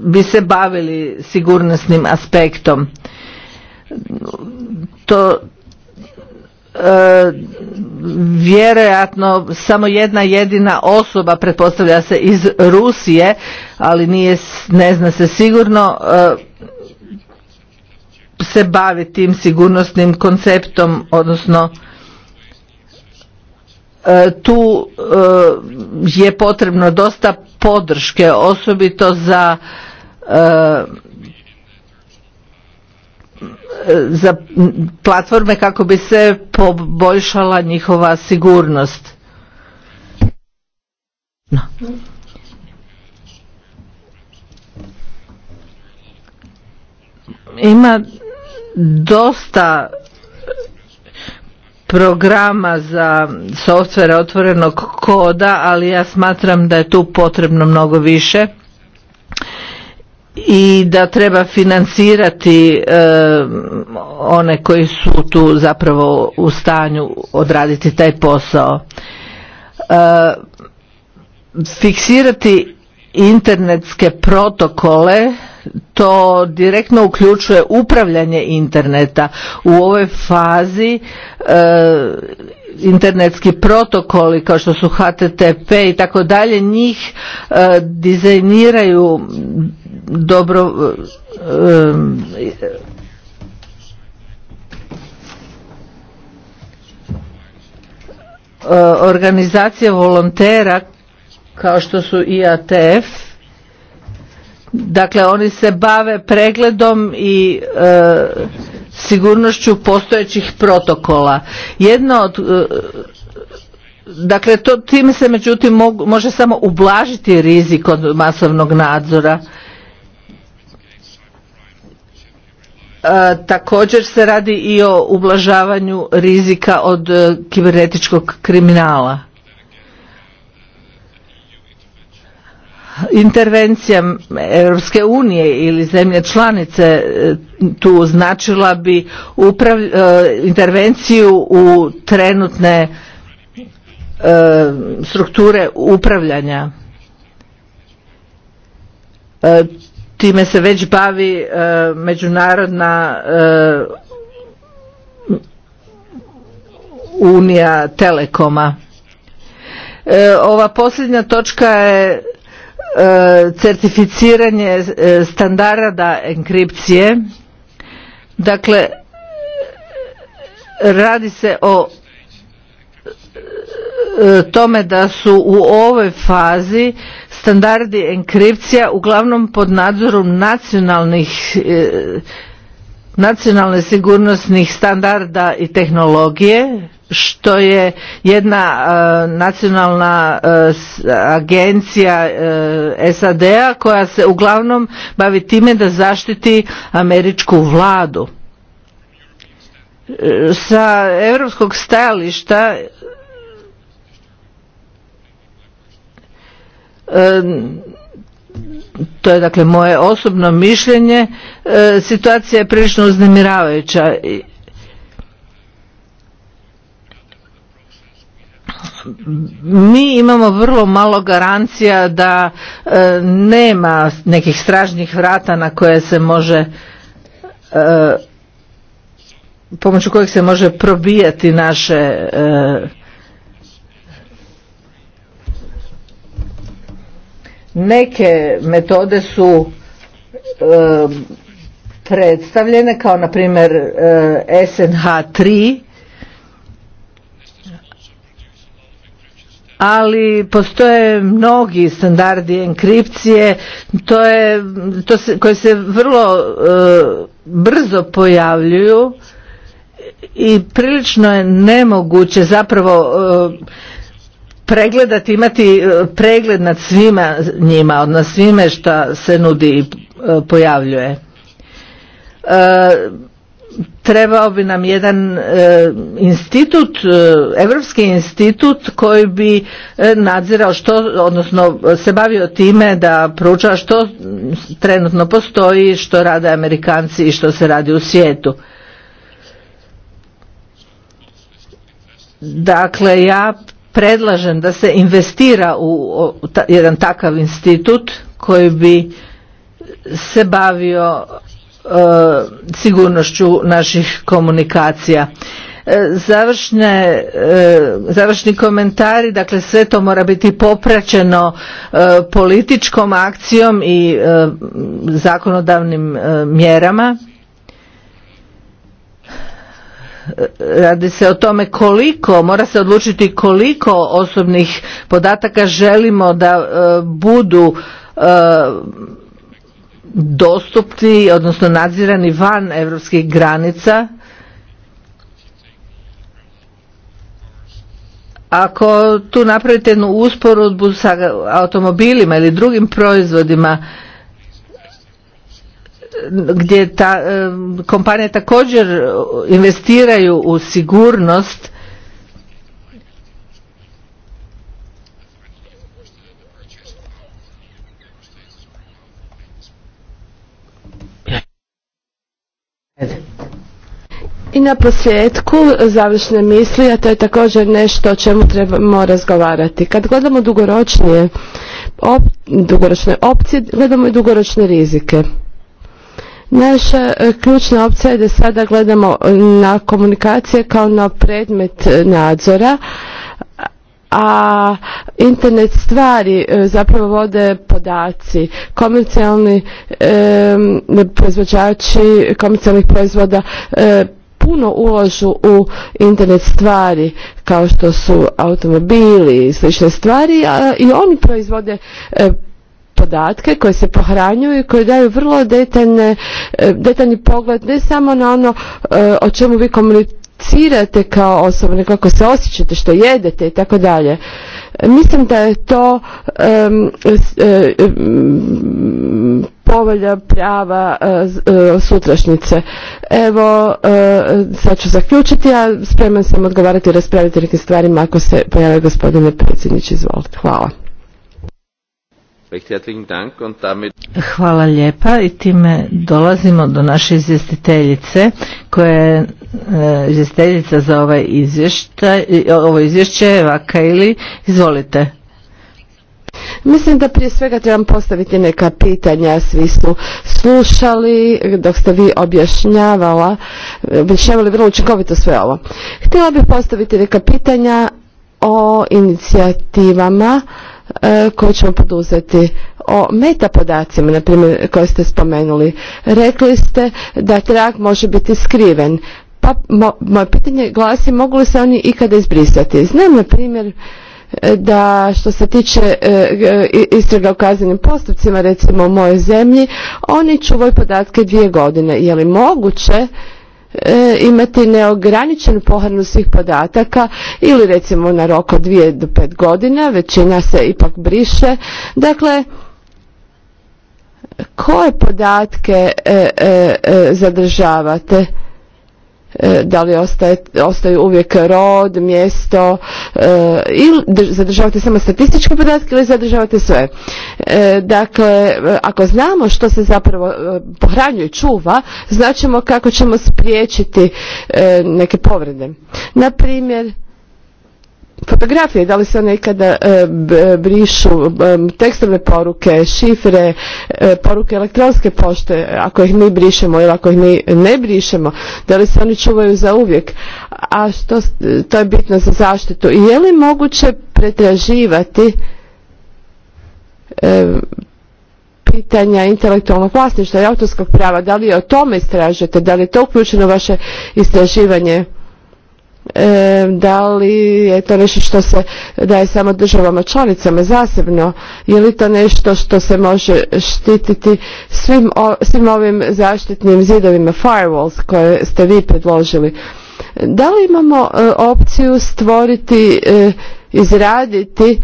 bi se bavili sigurnosnim aspektom. To vjerojatno samo jedna jedina osoba pretpostavlja se iz Rusije, ali nije ne zna se sigurno se bavi tim sigurnosnim konceptom, odnosno e, tu e, je potrebno dosta podrške, osobito za e, za platforme kako bi se poboljšala njihova sigurnost. Ima dosta programa za softvere otvorenog koda, ali ja smatram da je tu potrebno mnogo više i da treba financirati eh, one koji su tu zapravo u stanju odraditi taj posao. Eh, fiksirati internetske protokole to direktno uključuje upravljanje interneta. U ovoj fazi e, internetski protokoli kao što su HTTP i tako dalje, njih e, dizajniraju dobro e, e, organizacije volontera kao što su IATF Dakle, oni se bave pregledom i e, sigurnošću postojećih protokola. Jedno od e, dakle to time se međutim može samo ublažiti rizik od masovnog nadzora. E, također se radi i o ublažavanju rizika od kibernetičkog kriminala. intervencija Europske unije ili zemlje članice e, tu značila bi uprav, e, intervenciju u trenutne e, strukture upravljanja. Time se već bavi međunarodna unija telekoma. Ova posljednja točka je E, certificiranje e, standarda enkripcije. Dakle, radi se o e, tome da su u ovoj fazi standardi enkripcija uglavnom pod nadzorom nacionalnih nacionalne sigurnosnih standarda i tehnologije što je jedna e, nacionalna e, agencija e, SAD-a koja se uglavnom bavi time da zaštiti američku vladu. Sa europskog stajališta to je dakle moje osobno mišljenje situacija je prilično uznemiravajuća mi imamo vrlo malo garancija da e, nema nekih stražnjih vrata na koje se može e, pomoću kojih se može probijati naše e, neke metode su predstavljene kao na primjer SNH3 ali postoje mnogi standardi enkripcije to je, to se, koji se vrlo e, brzo pojavljuju i prilično je nemoguće zapravo e, pregledati, imati e, pregled nad svima njima, od nas svime što se nudi i pojavljuje trebao bi nam jedan e, institut, europski institut koji bi e, nadzirao što, odnosno se bavio time da pruča što trenutno postoji, što rade Amerikanci i što se radi u svijetu. Dakle, ja predlažem da se investira u jedan takav institut koji bi se bavio E, sigurnošću naših komunikacija. E, završne, e, završni komentari, dakle sve to mora biti popraćeno političkom akcijom i zakonodavnim mjerama. Radi se o tome koliko, mora se odlučiti koliko osobnih podataka želimo da budu dostupni, odnosno nadzirani van europskih granica. Ako tu napravite jednu usporudbu sa automobilima ili drugim proizvodima gdje ta, eh, kompanije također investiraju u sigurnost I na posljedku završne misli, a to je također nešto o čemu trebamo razgovarati. Kad gledamo dugoročnije, dugoročne opcije, gledamo i dugoročne rizike. Naša e, ključna opcija je da sada gledamo e, na komunikacije kao na predmet e, nadzora, a internet stvari e, zapravo vode podaci. Komercijalni e, proizvođači komercijalnih proizvoda e, puno uložu u internet stvari kao što su automobili i slične stvari a, i oni proizvode podatke koje se pohranjuju i koje daju vrlo detaljne, detaljni pogled ne samo na ono o čemu vi komunicirate komunicirate kao osobne, kako se osjećate, što jedete i tako dalje. Mislim da je to e, povolja prava e, e, sutrašnjice. Evo, sad ću zaključiti, a spreman sam odgovarati i raspraviti nekim stvarima ako se pojave gospodine predsjedniče. Izvolite. Hvala. Hvala lijepa i time dolazimo do naše izvjestiteljice koja je e, izvjestiteljica za ovaj izvještaj, e, ovo izvješće Vaka ili izvolite. Mislim da prije svega trebam postaviti neka pitanja, svi smo slušali dok ste vi objašnjavala, e, objašnjavali vrlo učinkovito sve ovo. Htjela bih postaviti neka pitanja o inicijativama E, koje ćemo poduzeti o metapodacima, na primjer, koje ste spomenuli. Rekli ste da trag može biti skriven. Pa mo, moje pitanje glasi mogu li se oni ikada izbrisati? Znam, na primjer, e, da što se tiče e, istraga u kaznenim postupcima, recimo u mojoj zemlji, oni čuvaju podatke dvije godine. Je li moguće E, imati neograničenu pohranu svih podataka ili recimo na rok od dvije do pet godina, većina se ipak briše. Dakle, koje podatke e, e, zadržavate? E, da li ostaje, ostaju uvijek rod, mjesto e, ili zadržavate samo statističke podatke ili zadržavate sve. E, dakle, ako znamo što se zapravo pohranjuje čuva, značimo kako ćemo spriječiti neke povrede. Na primjer, fotografije, da li se nekada e, brišu tekstove poruke, šifre, e, poruke elektronske pošte, ako ih mi brišemo ili ako ih mi ne brišemo, da li se oni čuvaju za uvijek, a što, to je bitno za zaštitu. I je li moguće pretraživati e, pitanja intelektualnog vlasništva i autorskog prava, da li o tome istražujete, da li je to uključeno vaše istraživanje? E, da li je to nešto što se daje samo državama članicama zasebno, je li to nešto što se može štititi svim, svim ovim zaštitnim zidovima firewalls koje ste vi predložili. Da li imamo e, opciju stvoriti e, izraditi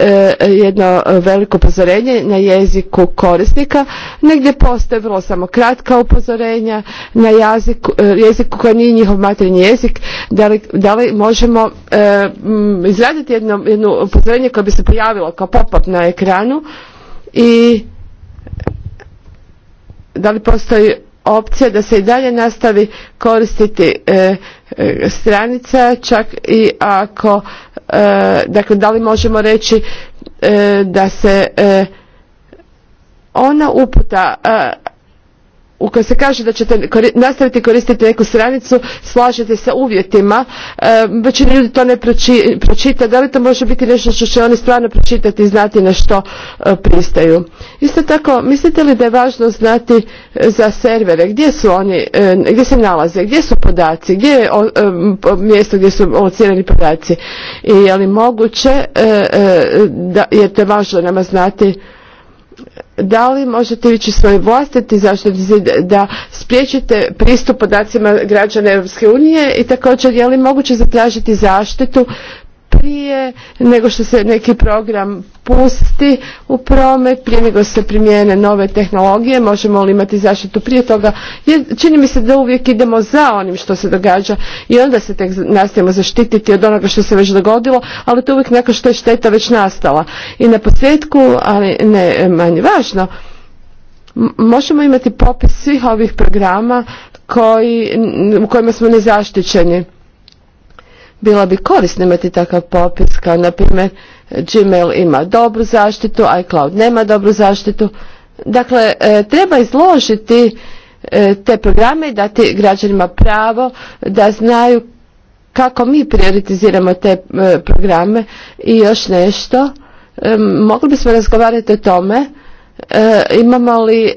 e, jedno veliko upozorenje na jeziku korisnika. Negdje postoje vrlo samo kratka upozorenja na e, jeziku koji nije njihov materinji jezik. Da li, možemo e, izraditi jedno, upozorenje koje bi se pojavilo kao pop-up na ekranu i da li postoji opcija da se i dalje nastavi koristiti E, stranica, čak i ako, e, dakle, da li možemo reći e, da se ona uputa u kojoj se kaže da ćete nastaviti koristiti neku stranicu, slažete sa uvjetima, već većina ljudi to ne pročita, da li to može biti nešto što će oni stvarno pročitati i znati na što e, pristaju. Isto tako, mislite li da je važno znati e, za servere, gdje su oni, e, gdje se nalaze, gdje su podaci, gdje je mjesto gdje su locirani podaci i je li moguće da je to važno nama znati da li možete ići svoj vlastiti zašto da spriječite pristup podacima građana Europske unije i također je li moguće zatražiti zaštitu prije nego što se neki program pusti u promet, prije nego se primijene nove tehnologije, možemo li imati zaštitu prije toga. Jer čini mi se da uvijek idemo za onim što se događa i onda se tek nastavimo zaštititi od onoga što se već dogodilo, ali to uvijek neka što je šteta već nastala. I na posljedku, ali ne manje važno, možemo imati popis svih ovih programa koji, u kojima smo nezaštićeni bilo bi korisno imati takav popis kao na primjer Gmail ima dobru zaštitu, iCloud nema dobru zaštitu. Dakle, e, treba izložiti e, te programe i dati građanima pravo da znaju kako mi prioritiziramo te e, programe i još nešto. Mogli bismo razgovarati o tome imamo li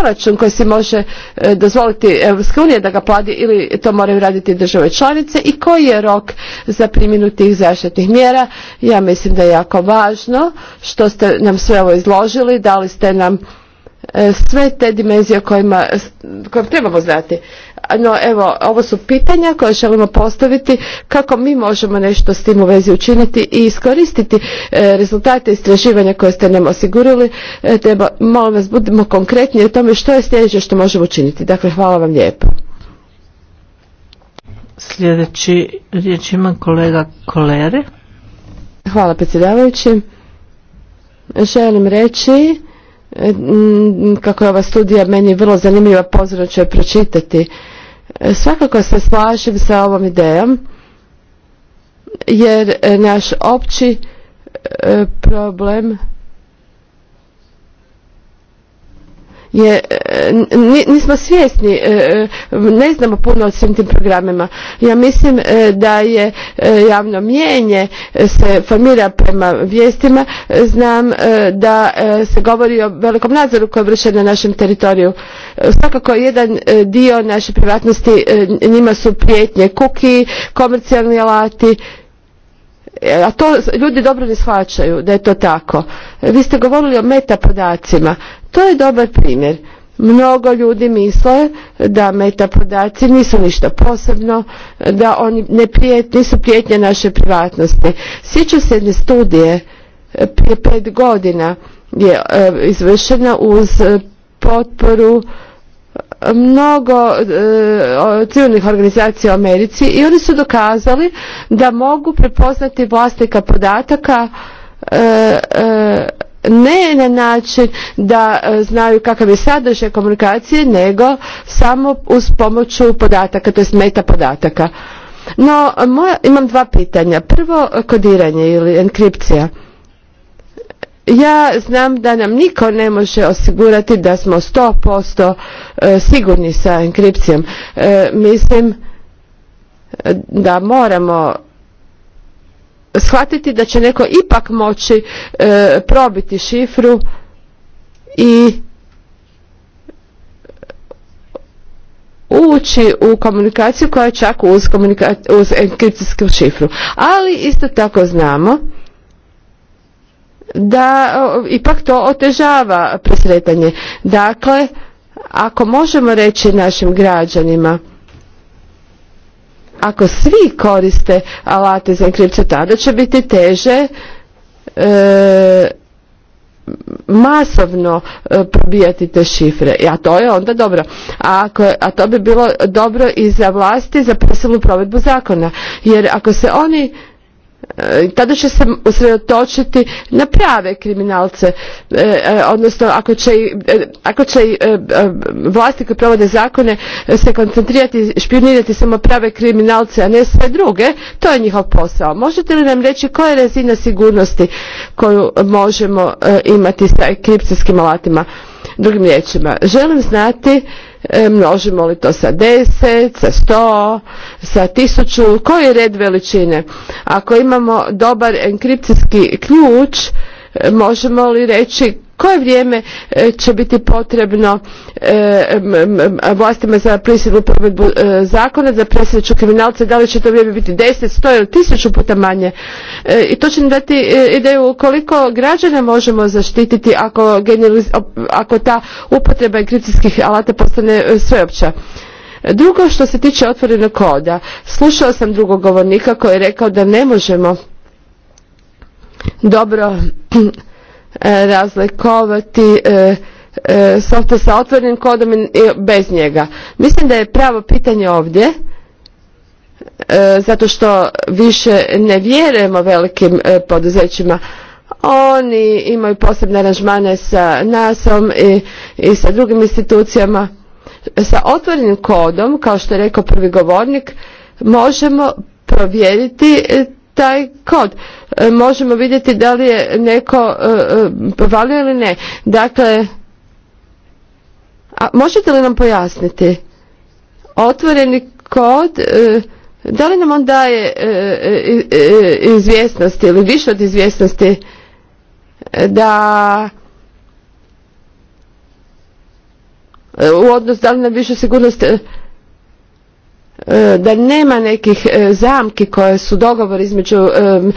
proračun koji se može e, dozvoliti EU da ga plati ili to moraju raditi države članice i koji je rok za primjenu tih zaštitnih mjera. Ja mislim da je jako važno što ste nam sve ovo izložili, dali ste nam e, sve te dimenzije kojima, koje trebamo znati. No evo, ovo su pitanja koje želimo postaviti kako mi možemo nešto s tim u vezi učiniti i iskoristiti e, rezultate istraživanja koje ste nam osigurali. E, treba, molim vas, budimo konkretni o tome što je sljedeće što možemo učiniti. Dakle, hvala vam lijepo. Sljedeći riječ ima kolega Kolere. Hvala predsjedavajući. Želim reći e, kako je ova studija meni vrlo zanimljiva, pozorno ću je pročitati. E, svakako se slažem sa ovom idejom jer e, naš opći e, problem je, e, nismo svjesni, e, ne znamo puno o svim tim programima. Ja mislim e, da je javno mijenje se formira prema vijestima. Znam da se govori o velikom nadzoru koji vrše na našem teritoriju. Svakako jedan dio naše privatnosti njima su prijetnje kuki, komercijalni alati, E, a to ljudi dobro ne shvaćaju da je to tako. E, vi ste govorili o meta podacima. To je dobar primjer. Mnogo ljudi misle da meta podaci nisu ništa posebno, da oni ne nisu prijetnje naše privatnosti. Sjeću se jedne studije e, prije pet godina je izvršena uz potporu mnogo e, civilnih organizacija u Americi i oni su dokazali da mogu prepoznati vlasnika podataka e, e, ne na način da znaju kakav je sadržaj komunikacije nego samo uz pomoću podataka, to jest meta podataka. No, imam dva pitanja. Prvo, kodiranje ili enkripcija ja znam da nam niko ne može osigurati da smo 100% e, sigurni sa enkripcijom. E, mislim e, da moramo shvatiti da će neko ipak moći probiti šifru i ući u komunikaciju koja je čak uz, uz enkripcijsku šifru. Ali isto tako znamo da ipak to otežava presretanje. Dakle, ako možemo reći našim građanima ako svi koriste alate za enkripciju, tada će biti teže e, masovno e, probijati te šifre. A to je onda dobro. A, ako, a to bi bilo dobro i za vlasti za posebnu provedbu zakona. Jer ako se oni E, tada će se usredotočiti na prave kriminalce, e, e, odnosno ako će, ako će vlasti koje provode zakone se koncentrirati, špionirati samo prave kriminalce, a ne sve druge, to je njihov posao. Možete li nam reći koja je razina sigurnosti koju možemo imati sa kripcijskim alatima? Drugim riječima, želim znati e, množimo li to sa 10, sa 100, sa 1000, koji je red veličine. Ako imamo dobar enkripcijski ključ, e, možemo li reći koje vrijeme e, će biti potrebno e, vlastima za prisilnu provedbu e, zakona, za presreću kriminalca? da li će to vrijeme biti deset, sto ili tisuću puta manje. I to će nam dati ideju koliko građana možemo zaštititi ako, ta upotreba kritiskih alata postane sveopća. Drugo što se tiče otvorenog koda, slušao sam drugog govornika koji je rekao da ne možemo dobro E, razlikovati e, e, software sa otvorenim kodom i bez njega. Mislim da je pravo pitanje ovdje zato što više ne vjerujemo velikim poduzećima oni imaju posebne aranžmane sa nasom i, i sa drugim institucijama. Sa otvorenim kodom, kao što je rekao prvi govornik, možemo provjeriti taj kod. E, možemo vidjeti da li je neko e, e, povalio ili ne. Dakle, a možete li nam pojasniti? Otvoreni kod, da li nam on daje izvjesnosti ili više od izvjesnosti da u odnos da li nam više sigurnosti E, da nema nekih e, zamki koje su dogovor između um,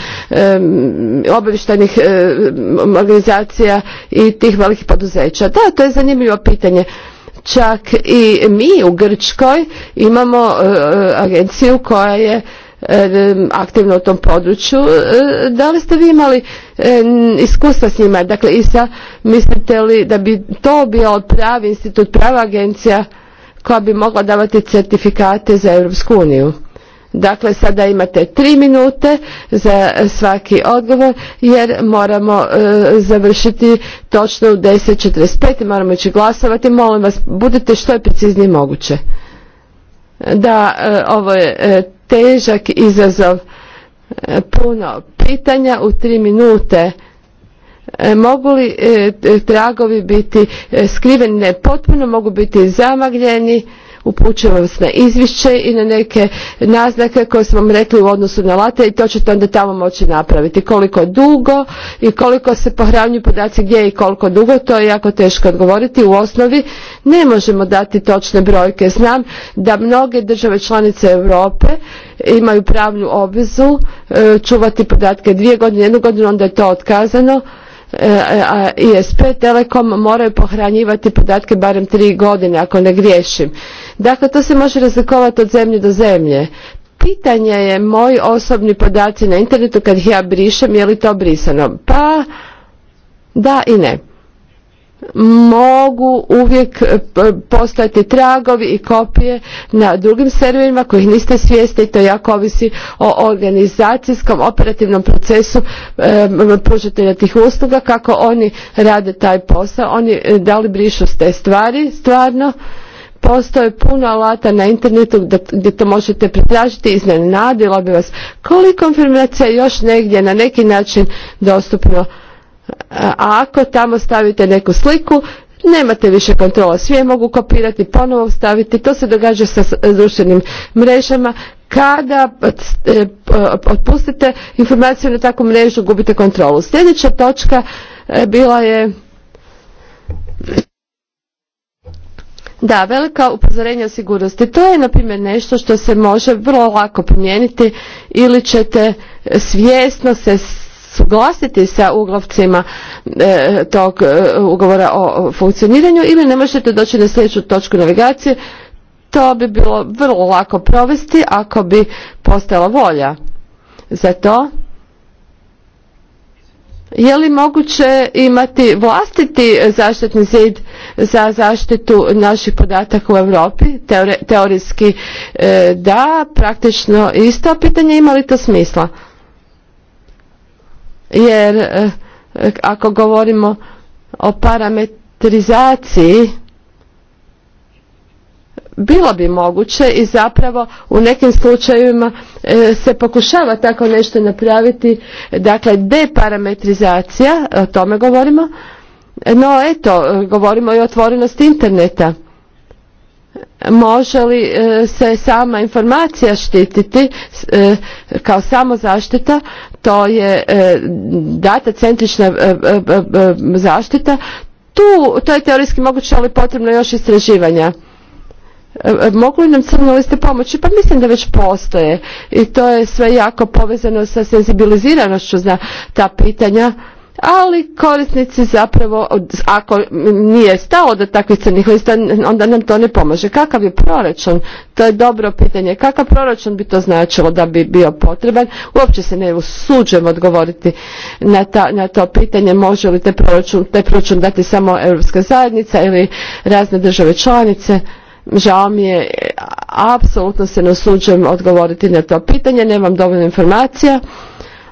obavještajnih organizacija i tih velikih poduzeća. Da, to je zanimljivo pitanje. Čak i mi u Grčkoj imamo agenciju koja je aktivno u tom području. Da li ste vi imali iskustva s njima? Dakle, Isa, mislite li da bi to bio pravi institut, prava agencija koja bi mogla davati certifikate za Europsku uniju. Dakle, sada imate tri minute za svaki odgovor jer moramo e, završiti točno u 10.45 moramo ići glasovati. Molim vas, budite što je preciznije moguće. Da, e, ovo je e, težak izazov puno pitanja u tri minute. E, mogu li e, tragovi biti e, skriveni ne potpuno mogu biti zamagljeni upućujem vas na izvješće i na neke naznake koje smo vam rekli u odnosu na late i to ćete onda tamo moći napraviti. Koliko dugo i koliko se pohranjuju podaci gdje i koliko dugo, to je jako teško odgovoriti. U osnovi ne možemo dati točne brojke. Znam da mnoge države članice Europe imaju pravnu obvezu čuvati podatke dvije godine, jednu godinu, onda je to otkazano. E, ISP Telekom moraju pohranjivati podatke barem tri godine ako ne griješim. Dakle, to se može razlikovati od zemlje do zemlje. Pitanje je moji osobni podaci na internetu kad ih ja brišem, je li to brisano? Pa da i ne mogu uvijek e, postojati tragovi i kopije na drugim serverima kojih niste svjesni i to jako ovisi o organizacijskom operativnom procesu pružatelja tih usluga kako oni rade taj posao oni e, da li brišu s te stvari stvarno postoje puno alata na internetu gdje to možete pretražiti iznenadilo bi vas koliko informacija još negdje na neki način dostupno a ako tamo stavite neku sliku, nemate više kontrola. Svi je mogu kopirati, ponovo staviti. To se događa sa društvenim mrežama. Kada e, e, otpustite informaciju na takvu mrežu, gubite kontrolu. Sljedeća točka e, bila je... Da, velika upozorenja o sigurnosti. To je, na primjer, nešto što se može vrlo lako promijeniti ili ćete svjesno se suglasiti sa uglavcima e, tog e, ugovora o funkcioniranju ili ne možete doći na sljedeću točku navigacije. To bi bilo vrlo lako provesti ako bi postala volja za to. Je li moguće imati vlastiti zaštitni zid za zaštitu naših podataka u Europi? Teorijski e, da, praktično isto pitanje ima li to smisla? jer eh, eh, ako govorimo o parametrizaciji bilo bi moguće i zapravo u nekim slučajevima eh, se pokušava tako nešto napraviti dakle deparametrizacija o tome govorimo no eto govorimo i o otvorenosti interneta može li e, se sama informacija štititi e, kao samozaštita to je e, data centrična zaštita tu to je teorijski moguće ali potrebno još istraživanja mogu li nam crne liste pomoći? Pa mislim da već postoje i to je sve jako povezano sa senzibiliziranošću za ta pitanja ali korisnici zapravo, ako nije stalo do takvih crnih lista, onda nam to ne pomaže. Kakav je proračun? To je dobro pitanje. Kakav proračun bi to značilo da bi bio potreban? Uopće se ne usuđujem odgovoriti na, ta, na to pitanje. Može li taj proračun, taj proračun dati samo Europska zajednica ili razne države članice? Žao mi je, apsolutno se ne usuđujem odgovoriti na to pitanje, nemam dovoljno informacija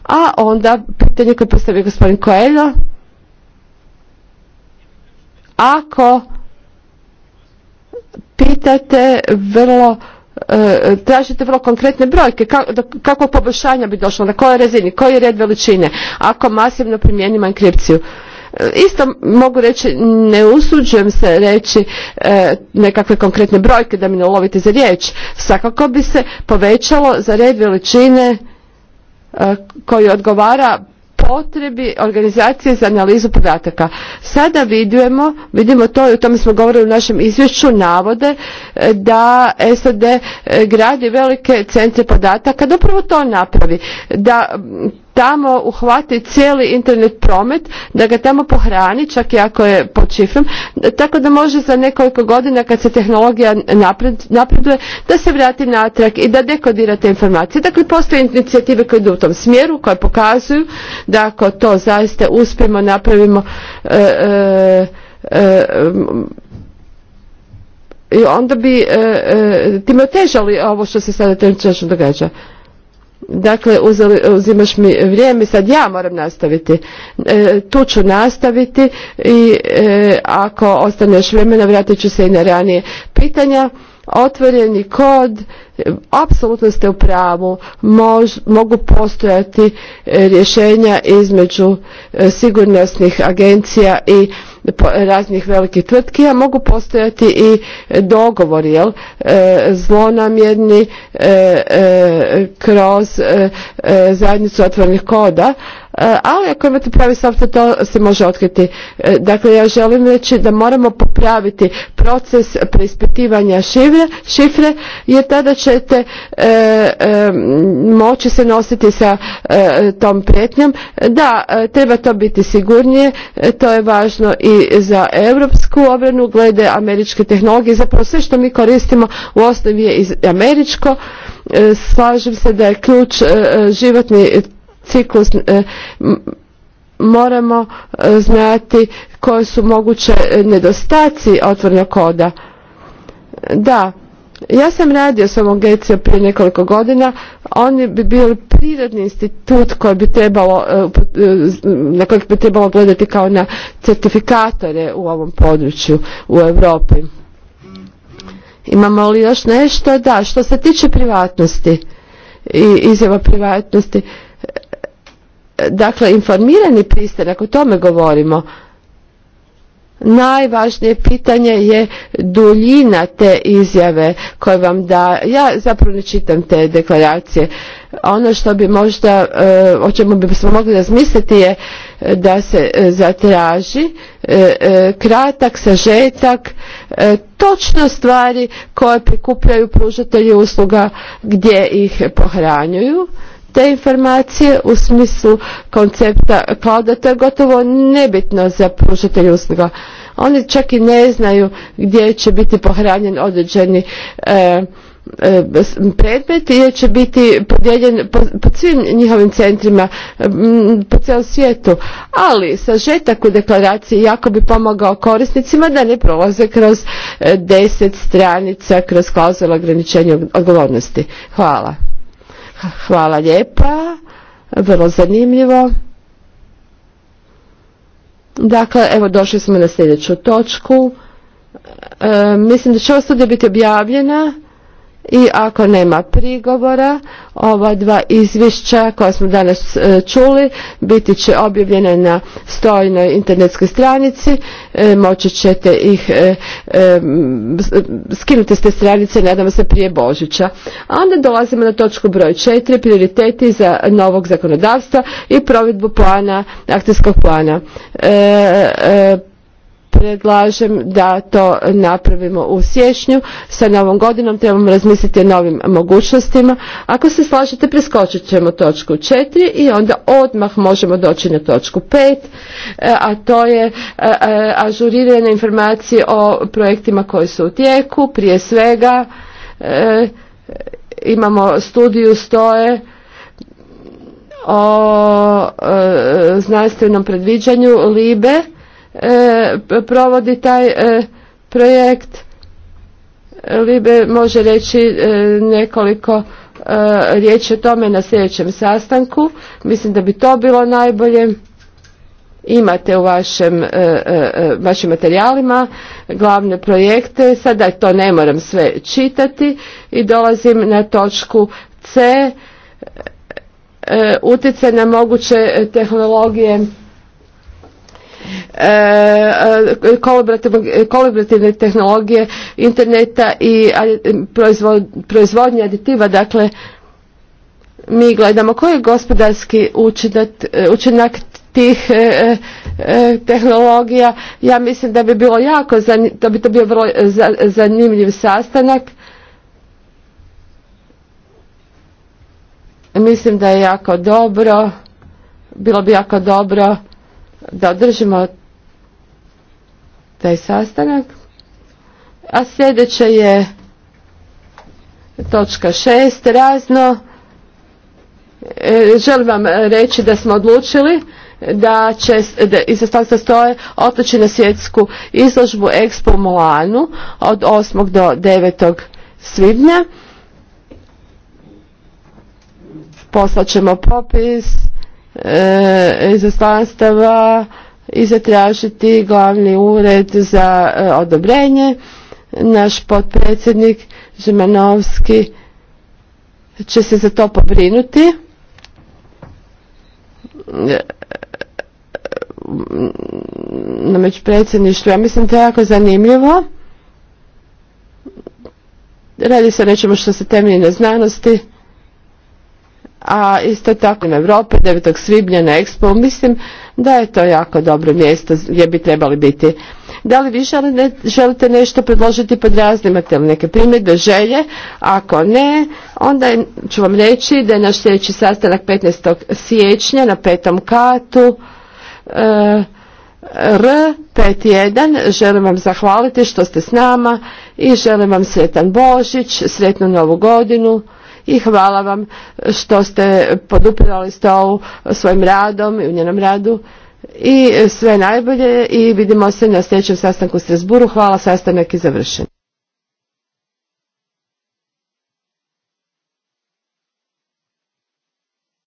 a onda pitanje koje postavio gospodin Koeljo, ako pitate vrlo e, tražite vrlo konkretne brojke kako poboljšanja bi došlo na kojoj razini, koji je red veličine ako masivno primijenimo enkripciju e, isto mogu reći ne usuđujem se reći e, nekakve konkretne brojke da mi ne ulovite za riječ svakako bi se povećalo za red veličine E, koji odgovara potrebi organizacije za analizu podataka. Sada vidimo, vidimo to i o tome smo govorili u našem izvješću, navode e, da SAD e, gradi velike centre podataka da upravo to napravi, da tamo uhvati cijeli internet promet, da ga tamo pohrani, čak i ako je pod šifrom, tako da može za nekoliko godina kad se tehnologija napreduje, da se vrati natrag i da dekodira te informacije. Dakle, postoje inicijative koje idu u tom smjeru, koje pokazuju da ako to zaista uspijemo, napravimo e, e, e, i onda bi time otežali ovo što se sada trenutno događa. Dakle, uzimaš mi vrijeme, sad ja moram nastaviti. E, tu ću nastaviti i e, ako ostane još vremena vratit ću se i na ranije pitanja. Otvoreni kod apsolutno ste u pravu, mogu postojati e, rješenja između e, sigurnosnih agencija i raznih velikih tvrtki, a mogu postojati i dogovori, jel? E, zlonamjerni kroz zajednicu otvornih koda, ali ako imate pravi software to se može otkriti. Dakle, ja želim reći da moramo popraviti proces preispitivanja šifre, šifre jer tada će ćete e, e, moći se nositi sa e, tom prijetnjom. Da, treba to biti sigurnije, to je važno i za europsku obranu, glede američke tehnologije, zapravo sve što mi koristimo u osnovi je iz američko. Slažem se da je ključ životni ciklus moramo znati koje su moguće nedostaci otvornog koda. Da, ja sam radio s ovom agencijom prije nekoliko godina, oni bi bio prirodni institut koji bi trebalo, e, e, na kojeg bi trebalo gledati kao na certifikatore u ovom području u Europi. Imamo li još nešto? Da, što se tiče privatnosti i izjava privatnosti, e, dakle informirani pristanak, o tome govorimo, najvažnije pitanje je duljina te izjave koje vam da ja zapravo ne čitam te deklaracije ono što bi možda eh, o čemu bismo mogli razmisliti je eh, da se eh, zatraži kratak sažetak točno stvari koje prikupljaju pružatelji usluga gdje ih pohranjuju te informacije u smislu koncepta klauda. to je gotovo nebitno za pružatelje usluga. Oni čak i ne znaju gdje će biti pohranjen određeni e, i e, predmet će biti podijeljen po, svim njihovim centrima po cijelom svijetu ali sažetak u deklaraciji jako bi pomogao korisnicima da ne prolaze kroz e, deset stranica kroz klauzula ograničenja odgovornosti hvala Hvala lijepa, vrlo zanimljivo. Dakle, evo došli smo na sljedeću točku. E, mislim da će ovo studija biti objavljena i ako nema prigovora ova dva izvješća koja smo danas e, čuli biti će objavljena na stojnoj internetskoj stranici e, moći ćete ih e, skinuti s te stranice nadamo se prije Božića a onda dolazimo na točku broj četiri, prioriteti za novog zakonodavstva i provedbu plana akcijskog plana predlažem da to napravimo u siječnju. Sa novom godinom trebamo razmisliti o novim mogućnostima. Ako se slažete, preskočit ćemo točku 4 i onda odmah možemo doći na točku 5, e, a to je e, e, ažurirane informacije o projektima koji su u tijeku. Prije svega imamo studiju stoje o znanstvenom predviđanju LIBE E, provodi taj e, projekt. Libe može reći e, nekoliko riječi o tome na sljedećem sastanku. Mislim da bi to bilo najbolje. Imate u vašem, vašim materijalima glavne projekte. Sada to ne moram sve čitati i dolazim na točku C. Utjecaj na moguće tehnologije E, e, e, kolaborativne tehnologije, interneta i proizvodnje aditiva, dakle mi gledamo koji je gospodarski učinak, tih tehnologija. Ja mislim da bi bilo jako, da bi to bio vrlo zanimljiv sastanak. Mislim da je jako dobro, bilo bi jako dobro da održimo taj sastanak. A sljedeće je točka šest, razno. E, želim vam reći da smo odlučili da će iza stoje otoči na svjetsku izložbu Expo Molanu od 8. do 9. svibnja. Poslat ćemo popis e, izaslanstava i zatražiti glavni ured za e, odobrenje. Naš potpredsjednik Žemanovski će se za to pobrinuti. E, na međupredsjedništvu. Ja mislim to je jako zanimljivo. Radi se o nečemu što se temelji na znanosti a isto tako na Europe 9. svibnja na Expo. Mislim da je to jako dobro mjesto gdje bi trebali biti. Da li vi želite nešto predložiti pod imate li neke primjedbe, želje? Ako ne, onda ću vam reći da je naš sljedeći sastanak 15. siječnja na petom katu. E, R51 želim vam zahvaliti što ste s nama i želim vam sretan Božić, sretnu Novu godinu i hvala vam što ste podupirali ovu svojim radom i u njenom radu i sve najbolje i vidimo se na sljedećem sastanku u Strasburu. Hvala, sastanak je završen.